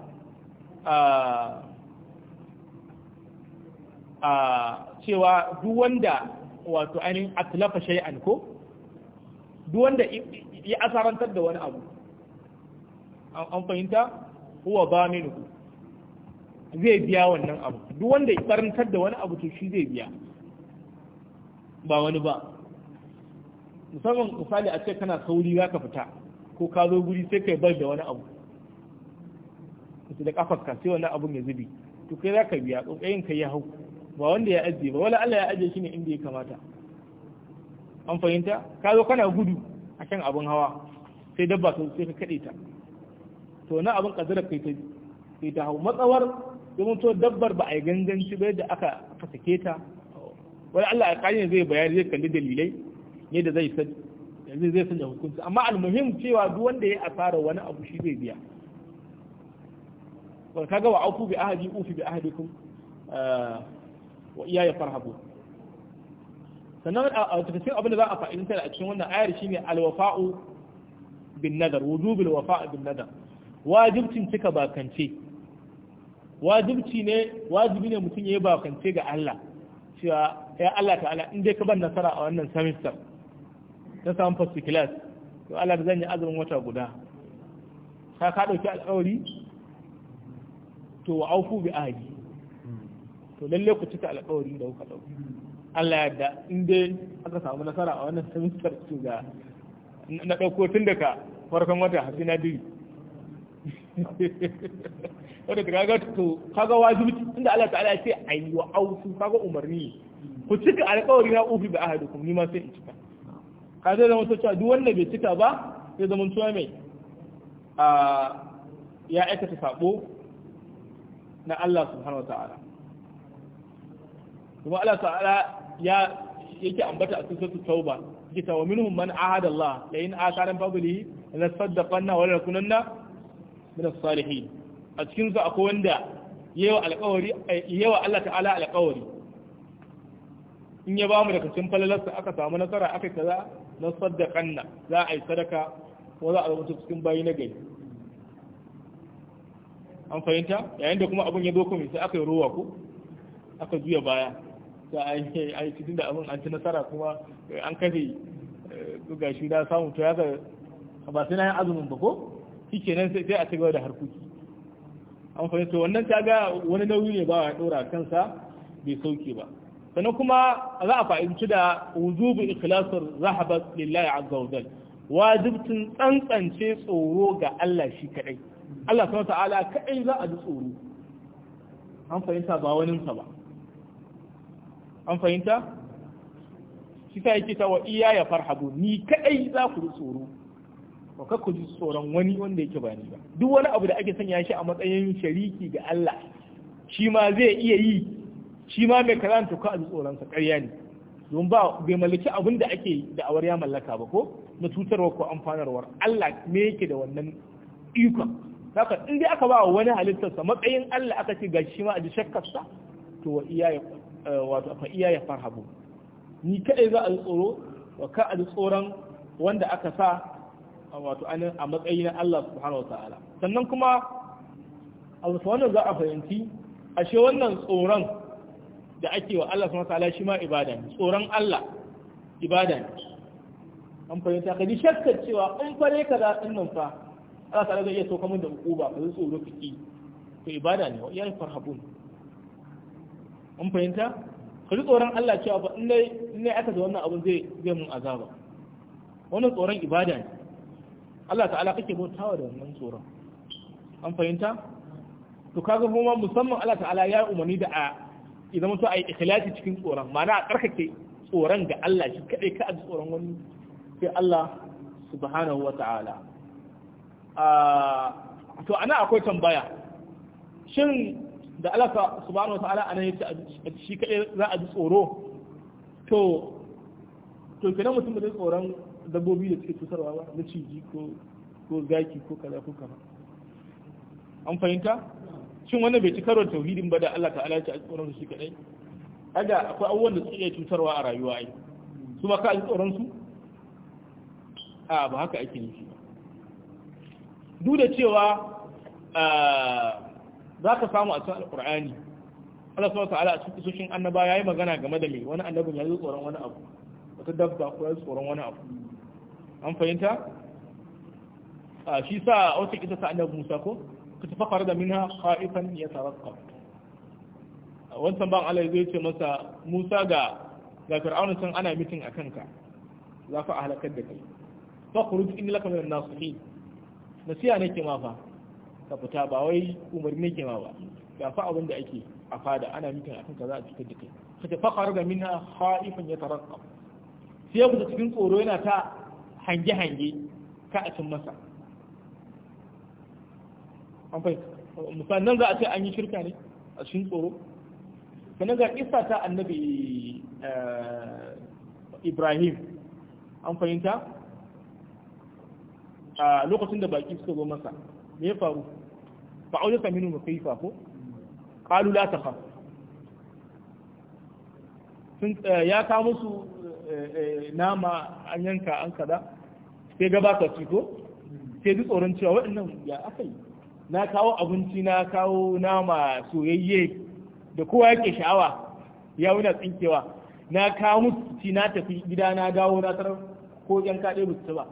a cewa duk wanda wato ainihin atlafa shay'an ko duk wanda ya asarantar da wani abu an fahimta huwa ba ku zai biya wannan abu duk wanda ya barantar da wani abu to shi zai biya ba wani ba musamman misali a ce kana sauri za ka fita ko ka zo guri sai kai bar da wani abu da kafarka sai wani abun ya zubi to kai za ka biya tsokayin ka ya hau ba wanda ya ajiye ba wala Allah ya ajiye shi ne inda ya kamata an fahimta ka zo kana gudu a kan abin hawa sai dabba sun sai ka kaɗe ta to na abin ƙazarar kai ta kai ta hau matsawar domin to dabbar ba a yi ganganci ba yadda aka aka sake ta wani Allah a ne zai bayani zai kalli dalilai da zai san yanzu zai sanya hukunci amma almuhim cewa duk wanda ya asara wani abu shi zai biya wani kaga wa auku bi ahadi ufi bi ahadikum eh, wa iyaya farhabu sannan a cikin abin da za a fa'idanta a cikin wannan ayar shine alwafa'u bin nadar wujubul wafa'a bin nadar wajibcin cika bakance wajibci ne wajibi ne mutum ya yi bakance ga Allah cewa ya Allah ta'ala in dai ka ban nasara a wannan semester na samun first class to Allah da zan yi azumin wata guda ka ka dauki alƙawari to wa aufu bi ahdi to lalle ku cika alƙawari da kuka dauki Allah ya yarda in dai aka samu nasara a wannan semester to ga na dauko tun daga farkon wata har na diri wanda ka ga to kaga wajibi tunda Allah ta'ala ya ce ayi wa ausu kaga umarni ku cika alƙawari na ufi bi ahadukum ni ma sai in cika ka zai zama cewa duk wanda bai cika ba zai zama cewa mai a ya aikata sabo na Allah subhanahu wa ta'ala kuma Allah ta'ala ya yake ambata a cikin tauba kita wa minhum man ahada Allah la in akaran fadlihi la saddaqanna wa la kunanna min as-salihin a cikin su akwai wanda yawa alƙawari yawa Allah ta'ala alƙawari in ya bamu daga cikin falalarsa aka samu nasara aka yi kaza na saddaqanna za a yi sadaka ko za a rubuta cikin bayi na gari an fahimta yayin da kuma abun ya zo kuma sai aka yi ruwa ko aka juya baya da an yi cikin da abin an ci nasara kuma eh, an kafe eh, ga shi da samu to ya ga ba sai na yin azumin ba ko shi kenan sai a cigaba da harkoki an fahimta to wannan ta ga wani nauyi ne ba ya ɗora kansa bai sauke ba sannan kuma za a fahimci da za ikhlasul rahabat lillahi azza wa jalla wajibtin tsantsance tsoro ga Allah shi kadai Allah subhanahu wa ta'ala kadai za a ji tsoro an fahimta ba waninsa ba an fahimta shi ta yake ta wa iya ya farhabu ni kadai za ku tsoro ba ka ku ji tsoron wani wanda yake ba ni ba duk wani abu da ake sanya shi a matsayin shariki ga Allah shi ma zai iya yi shi ma mai karanta ka ji tsoron sa ƙarya ne don ba bai mallaki abin da ake da awar ya mallaka ba ko na cutarwa ko amfanarwar Allah me yake da wannan ikon haka in dai aka ba wa wani halittarsa matsayin Allah aka ce ga shi ma a ji shakkarsa to wa iya ya Eh, wato fa iya ya habu ni kadai za a yi tsoro wa ka a tsoron wanda aka sa wato a matsayi na Allah subhanahu wa ta'ala sannan kuma a wasu wannan za a fahimci ashe wannan tsoron da ake wa Allah subhanahu wa ta'ala shi ma ibada ne tsoron Allah ibada ne an fahimta ka ji shakkar cewa in fare ka da din nan fa Allah ta'ala zai iya so kamun da hukuma ka ji tsoro fiki to ibada ne wa iyayen farhabun An fahimta ka ji tsoron Allah cewa ba in dai in dai aka da wannan abun zai zai mun azaba wannan tsoron ibada ne Allah ta'ala kake bautawa da wannan tsoron an fahimta to kaga kuma musamman Allah ta'ala ya umarni da a idan mutum a ikhlasi cikin tsoron ma'ana a karkake tsoron ga Allah shi kadai ka a tsoron wani sai Allah subhanahu wa ta'ala ah, to ana akwai tambaya shin da alaka subhanahu wataala anan yace shi kadai za a ji tsoro to to kenan mutum da tsoron dabbobi da suke cutarwa ba na ciji ko ko zaki ko kaza ko kaza an fahimta shin wannan bai ci karo tauhidin ba da Allah ta'ala ya ce a tsoron shi kadai aga akwai abubuwan da suke iya cutarwa a rayuwa ai su ma ka ji tsoron su a ba haka ake nufi ba duk da cewa za ka samu a cikin alkur'ani Allah subhanahu ta'ala a cikin kisoshin annaba yayi magana game da me wani annabin ya yi tsoron wani abu wata dabba ko ya yi tsoron wani abu an fahimta a shi sa wata kisa ta annabi Musa ko ka fara da minha khaifan yatarqab wancan ban Allah zai ce masa Musa ga ga Fir'auna can ana mitin akan ka za fa halakar da kai fa khuruj inni laka min nasihin nasiya nake ma fa ka fita ba wai umarni ke ma ba ga fa abin da ake a fada ana mitin akan kaza a cikin dukai kace da minna haifin ya yataraqqab sai ya fita cikin tsoro yana ta hange hange ka a cin masa an fahimta musannan za a ce an yi shirka ne a cikin tsoro sannan ga isa ta annabi eh, Ibrahim an fahimta a lokacin da baki suka zo masa me ya faru ba auja saminu musifa ko qalu la takhaf sun ya ta musu eh, eh, nama an yanka an kada, sai gabata su ko sai duk tsoron cewa waɗannan ya aka yi na kawo abinci na kawo nama soyayye da kowa yake sha'awa ya wuna tsinkewa na kawo musu ci na tafi gida na dawo na tarar ko yan kaɗe ba su ci ba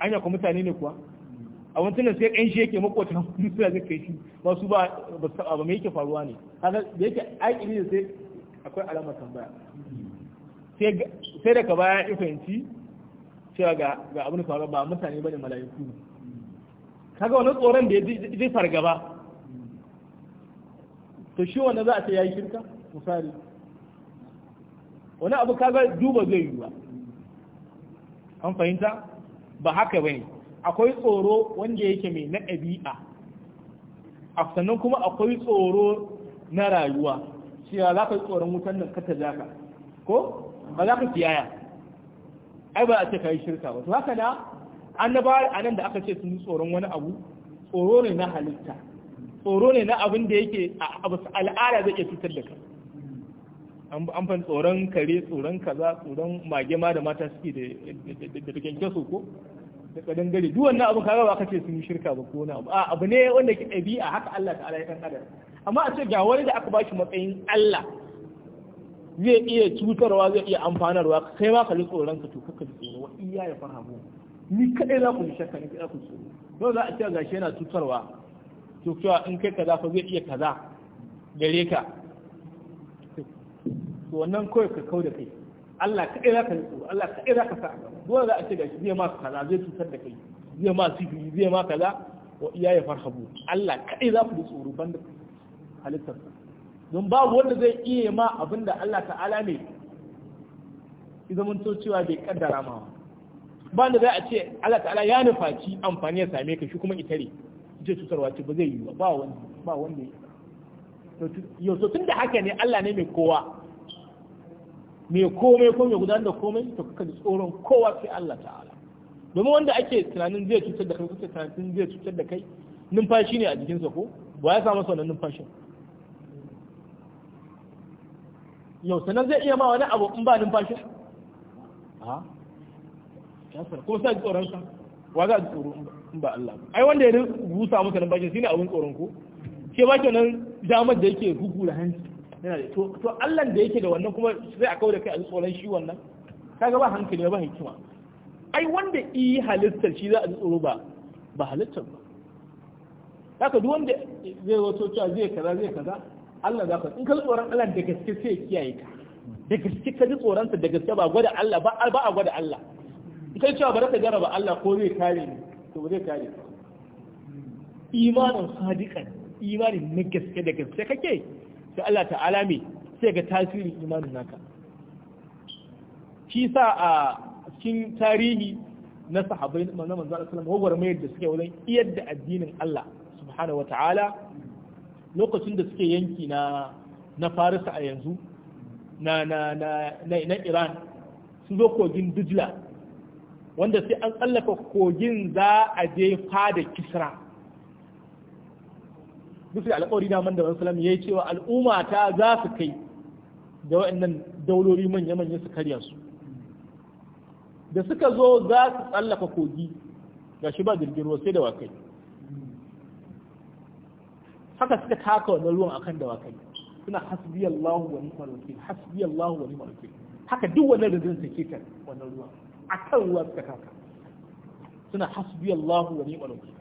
anya ko mutane ne kuwa a wancan sai shi yake makwata musa zai kai shi ba su ba ba su taba ba mai yake faruwa ne haka da yake aiki da sai akwai alamar tambaya sai daga baya ya fahimci cewa ga ga abin faruwa ba mutane bane mala'iku kaga wani tsoron da zai fargaba to shi wanda za a ce yayi shirka misali wani abu kaga duba zai yi ba an fahimta ba haka bane akwai tsoro wanda yake mai na ɗabi'a sannan kuma akwai tsoro na rayuwa cewa za ka yi tsoron wutan nan kata za ka ko ba za ka kiyaya ai ba a ce ka yi shirka ba to haka na annabawa a nan da aka ce sun tsoron wani abu tsoro ne na halitta tsoro ne na abin da yake a al'ada zai iya fitar da ka an tsoron kare tsoron kaza tsoron mage ma da mata suke da rikin ko da kadan gare duk wannan abun kaga ba kace sun yi shirka ba ko wani abu abu ne wanda ke ɗabi'a haka Allah ta'ala ya kan amma a ce ga wani da aka ba shi matsayin Allah zai iya cutarwa zai iya amfanarwa kai ma ka ji tsoron ka to kaka ji tsoro wa iya ya fahimu ni kadai za ku ji shakka ni kadai ku tsoro don za a ce shi yana cutarwa to cewa in kai kaza fa zai iya kaza gare ka to wannan kawai ka kau da kai Allah kaɗai za ka tsoro Allah kaɗai za ka sa dole za a ce gashi zai ma kaza zai cutar da kai zai ma sihiri zai ma kaza wa farha farhabu Allah kaɗai za ku ji tsoro banda halittar don babu wanda zai iya ma abinda Allah ta'ala ne ya zamanto cewa bai kaddara ma ba da za a ce Allah ta'ala ya nufaci amfani ya same ka shi kuma ne ce cutarwa ce ba zai yi ba ba wanda ba wanda yau so tun da haka ne Allah ne mai kowa mai komai ko mai gudanar da komai to kaka ji tsoron kowa sai Allah ta'ala domin wanda ake tunanin zai cutar da kai kuka tunanin zai cutar da kai numfashi ne a jikinsa ko ba ya samu sanan numfashin yau sanan zai iya ma wani abu in ba numfashin a ko sa tsoron sa wa za tsoro in ba Allah ai wanda ya rusa masa numfashin shine abin tsoron ko ke ba nan damar da yake da hanci yana da to Allah da yake da wannan kuma sai a kaure da kai a tsoron shi wannan kaga ba hankali ba hikima ai wanda i halittar shi za a tsoro ba ba halittar ba haka duk wanda zai wato cewa zai kaza zai kaza Allah za ka in ka tsoron Allah da gaske sai ya kiyaye ka da gaske ka ji tsoron sa da gaske ba gwada Allah ba ba a gwada Allah in ka cewa bari ka jarraba Allah ko zai kare ni to ba zai kare ka imanin sadiqan imanin na gaske da gaske kake sai Allah ta'ala me sai ga tasirin imanin naka shi sa a cikin tarihi na sahabbai na manzon Allah sallallahu alaihi wasallam da suke wajen iyar da addinin Allah subhanahu ta'ala lokacin da suke yanki na na Farisa a yanzu na na na na Iran su zo kogin Dijla wanda sai an tsallaka kogin za a je fada Kisra da alƙawari na man da wani salam yi cewa al'umma ta za su kai da waɗannan daulori manya manya su karya su da suka zo za su tsallaka kogi gashi ba jirgin ruwa sai da wakai haka suka taka wannan ruwan akan wakai suna hasbi Allahu wa ni'mal wakil hasbi Allahu wa ni'mal wakil haka duk wannan rundunar take kan wannan ruwa akan ruwa suka taka suna hasbi Allahu wa ni'mal wakil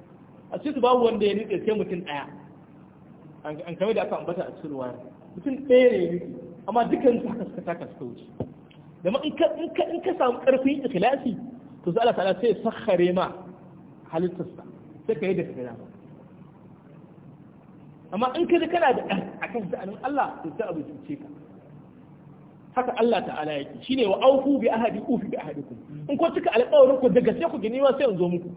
a cikin babu wanda ya nitse sai mutum daya an kame da aka ambata a cikin wani mutum ɗaya ne ne amma dukkan su haka suka taka suka wuce dama in ka in ka samu ƙarfin ikhlasi to sai Allah ta'ala sai sakhare ma halittarsa sai ka yi da kana amma in ka kana da a kan sa'anin Allah to sai abu ce ka haka Allah ta'ala yake ne wa auku bi ahadi ufi bi ku in ko cika alƙawarin ku daga sai ku gani ma sai in zo muku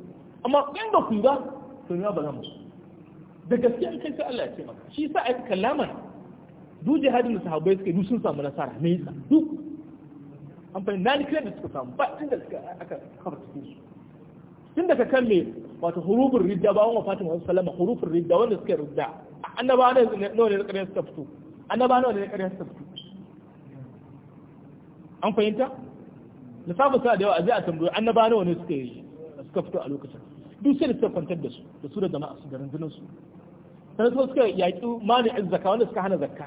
amma in ba ku ba to ni ba zan musu da gaske an kai sai Allah ya ce maka shi yasa ai kallaman duk jihadin da sahabbai suka yi sun samu nasara me yasa duk an fahimta na likitar da suka samu ba tun da suka aka kafa cikin su tun daga kan me wato hurufin ridda ba wa fatima wasu salama hurufin ridda wanda suka ridda annaba nawa ne na ƙarya suka fito annaba nawa ne na ƙarya suka fito an fahimta lissafin sa da yawa a zai a tambayi annaba nawa ne suka yi suka fito a lokacin duk sai da suka kwantar da su da su da jama'a su da rundunar su sai su suka yaƙi mani'in zakka wanda suka hana zakka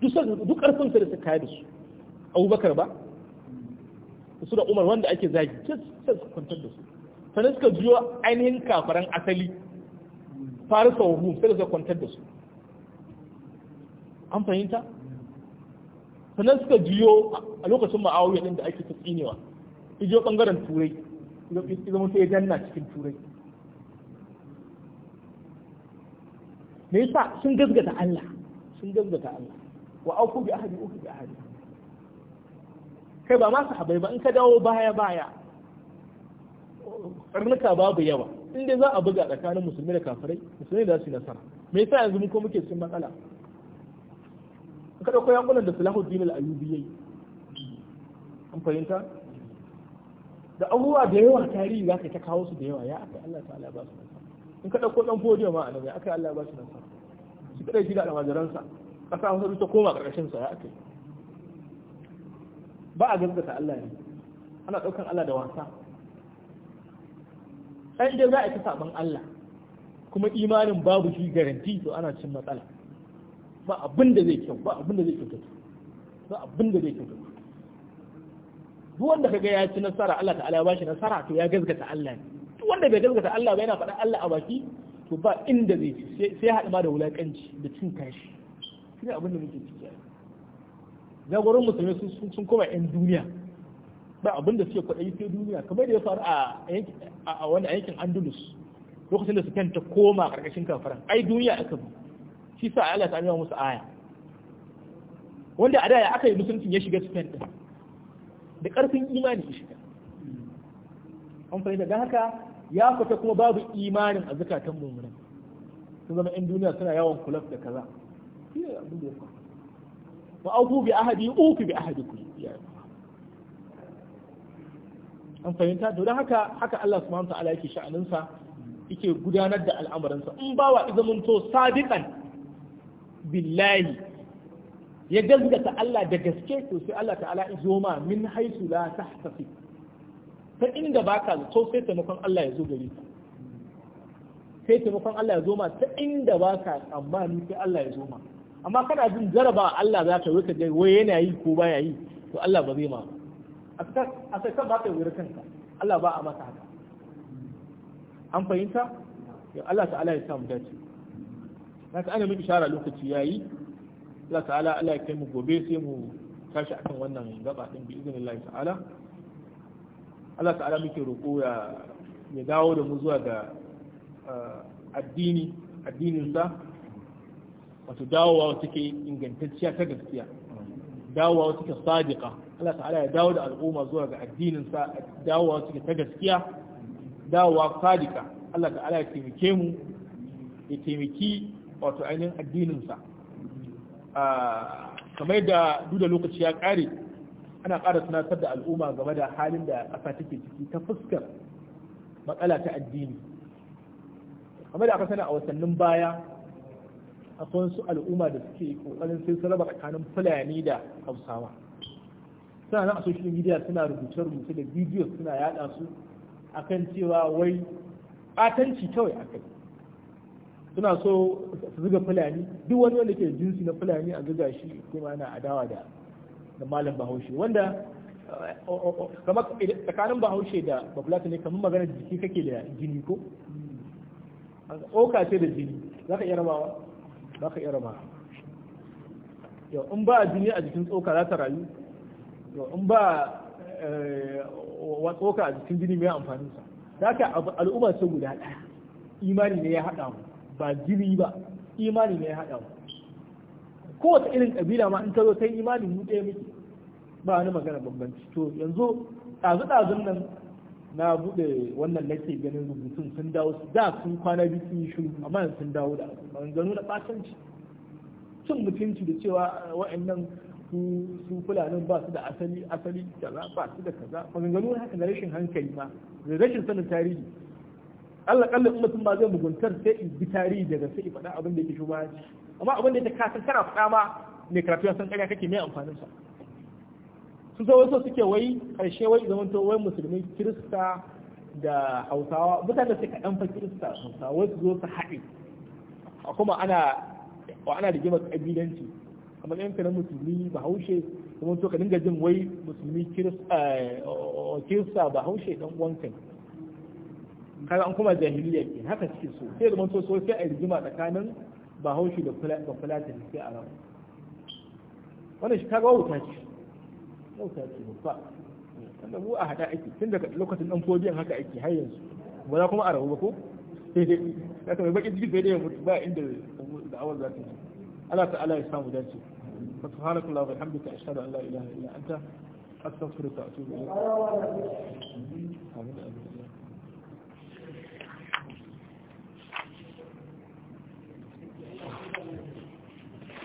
duk ƙarfin su da suka kaya da su abubakar ba su da umar wanda ake zagi sai su kwantar da su sannan suka biyo ainihin kafaran asali farisa wa sai suka kwantar da su an fahimta sannan suka biyo a lokacin ma'awiyar din da ake ta tsinewa su biyo bangaren turai zama ta ya janna cikin turai me yasa sun gazgata Allah sun gazgata Allah wa auku bi ahadi uku bi ahadi kai ba ma sahabbai ba in ka dawo baya baya karnuka babu yawa inda za a buga tsakanin musulmi da kafirai musulmi da su nasara me yasa yanzu mun ko muke cikin matsala ka dauko yankunan da Salahuddin al-Ayyubi yayi an fahimta da abubuwa da yawa tarihi za ka ta kawo su da yawa ya aka Allah ta'ala ba su in ka ko ɗan fodiyo ma a nan aka Allah ba shi nasara shi kaɗai shi da almajiransa ƙasa wasu ta koma karkashin sa ya ake ba a gaskata Allah ne ana ɗaukan Allah da wasa sai dai za a ci saɓon Allah kuma imanin babu shi garanti to ana cin matsala ba abin da zai kyau ba abin da zai kyautata ba abin da zai kyautata duk wanda kaga ya ci nasara Allah ta'ala ya bashi nasara to ya gaskata Allah ne wanda bai gaskata Allah ba yana faɗa Allah a baki to ba inda zai ci sai haɗu ma da wulaƙanci da cin kashi shi ne abin da muke ciki jagoran musulmi sun koma 'yan duniya ba abin da suke kwaɗayi sai duniya kamar da ya faru a wani yankin andalus lokacin da su kanta koma ƙarƙashin kafaran ai duniya aka bi shi sa Allah ta nuna musu aya wanda a daya aka yi musulunci ya shiga Spain din da ƙarfin imani ya shiga an fahimta don haka ya fita kuma babu imanin a zakatan mummunan sun zama yan duniya suna yawon kulaf da kaza wa auku bi ahadi uku bi ahadi ku an fahimta to don haka haka Allah subhanahu ta'ala yake sha'aninsa yake gudanar da al'amuransa in bawa izamin to sadiqan billahi ya gaskata Allah da gaske to sai Allah ta'ala izoma min haisu la tahtasib ta inda baka zato sai taimakon Allah ya zo gare ka sai taimakon Allah ya zo ma ta inda baka tsammani sai Allah ya zo ma amma kana jin jaraba Allah za ka wuce ga wai yana yi ko baya yi to Allah ba zai ma a sai kan ba ka wuri kanka Allah ba a masa haka an fahimta ya Allah ta'ala ya samu dace na ta ana miki shara lokaci yayi Allah ta'ala Allah ya kai mu gobe sai mu tashi akan wannan gaba din bi izinin ta'ala Allah ta'ala muke roƙo ya ya dawo da mu zuwa ga ah, addini addininsa wato dawowa take ingantacciya ta gaskiya dawowa take sadiqa Allah ta'ala ya dawo da al'umma zuwa ga addininsa dawowa take ta gaskiya dawowa sadiqa Allah ta'ala ya taimake mu ya taimaki wato ainihin addininsa ah, kamar da duk da lokaci ya kare ana ƙara tunatar da al'umma game da halin da ƙasa take ciki ta fuskar matsala ta addini kamar da aka sani a wasannin baya akwai su al'umma da suke ƙoƙarin sai su raba tsakanin fulani da hausawa suna nan a social media suna rubuce-rubuce da bidiyo suna yaɗa su akan cewa wai ɓatanci kawai akai suna so su zuga fulani duk wani wanda ke jinsi na fulani a zuga shi kuma yana adawa da da malam bahaushe wanda kamar tsakanin bahaushe da bafulatu ne kamar maganar jiki kake da jini ko oka ce da jini za ka iya rabawa za ka iya rabawa yau in ba jini a jikin tsoka za ta rayu yau in ba wa eh, tsoka a jikin jini mai amfanin sa za ka al'umma ce guda ɗaya imani ne ya haɗa mu ba jini ba imani ne ya haɗa mu kowace irin kabila ma in ta zo ta yi imani mu ɗaya muke ba wani magana bambanci to yanzu ɗazu ɗazun nan na buɗe wannan nake ganin rubutun sun dawo su da sun kwana biyu sun yi shiru amma yanzu sun dawo da maganganu na ɓatanci cin mutunci da cewa ah, wa'annan su su fulanin ba su da asali asali kaza ba su da kaza maganganu haka na rashin hankali ma da rashin sanin tarihi Allah kallon mutum ba zai muguntar sai in bi tarihi daga sai faɗa abin da yake shubahanci amma abin da ka san kana faɗa ma mai karatu ya san ƙarya kake mai amfanin sa su zo wasu suke wai ƙarshe wai zaman to wai musulmi kirista da hausawa mutane sai kaɗan ɗanfa kirista hausawa wai su zo su haɗe kuma ana wa ana rigimar ƙabilanci kamar yanka na musulmi bahaushe kuma to ka dinga jin wai musulmi eh, kirista bahaushe dan uwanka kaga an kuma jahiliya ke haka suke so sai da manto so sai a rigima tsakanin ba haushi da fulatin sai a rawa wannan shi kaga wuta ce wuta ce babba wanda mu a hada ake tun daga lokacin dan fobiyan haka ake har yanzu ba za kuma a ba ko ya kamar bakin jiki sai dai ya mutu ba inda awar za ta yi ta ala ya samu dace fa subhanakallahu wa bihamdika ashhadu an la ilaha illa anta astaghfiruka wa atubu ilayk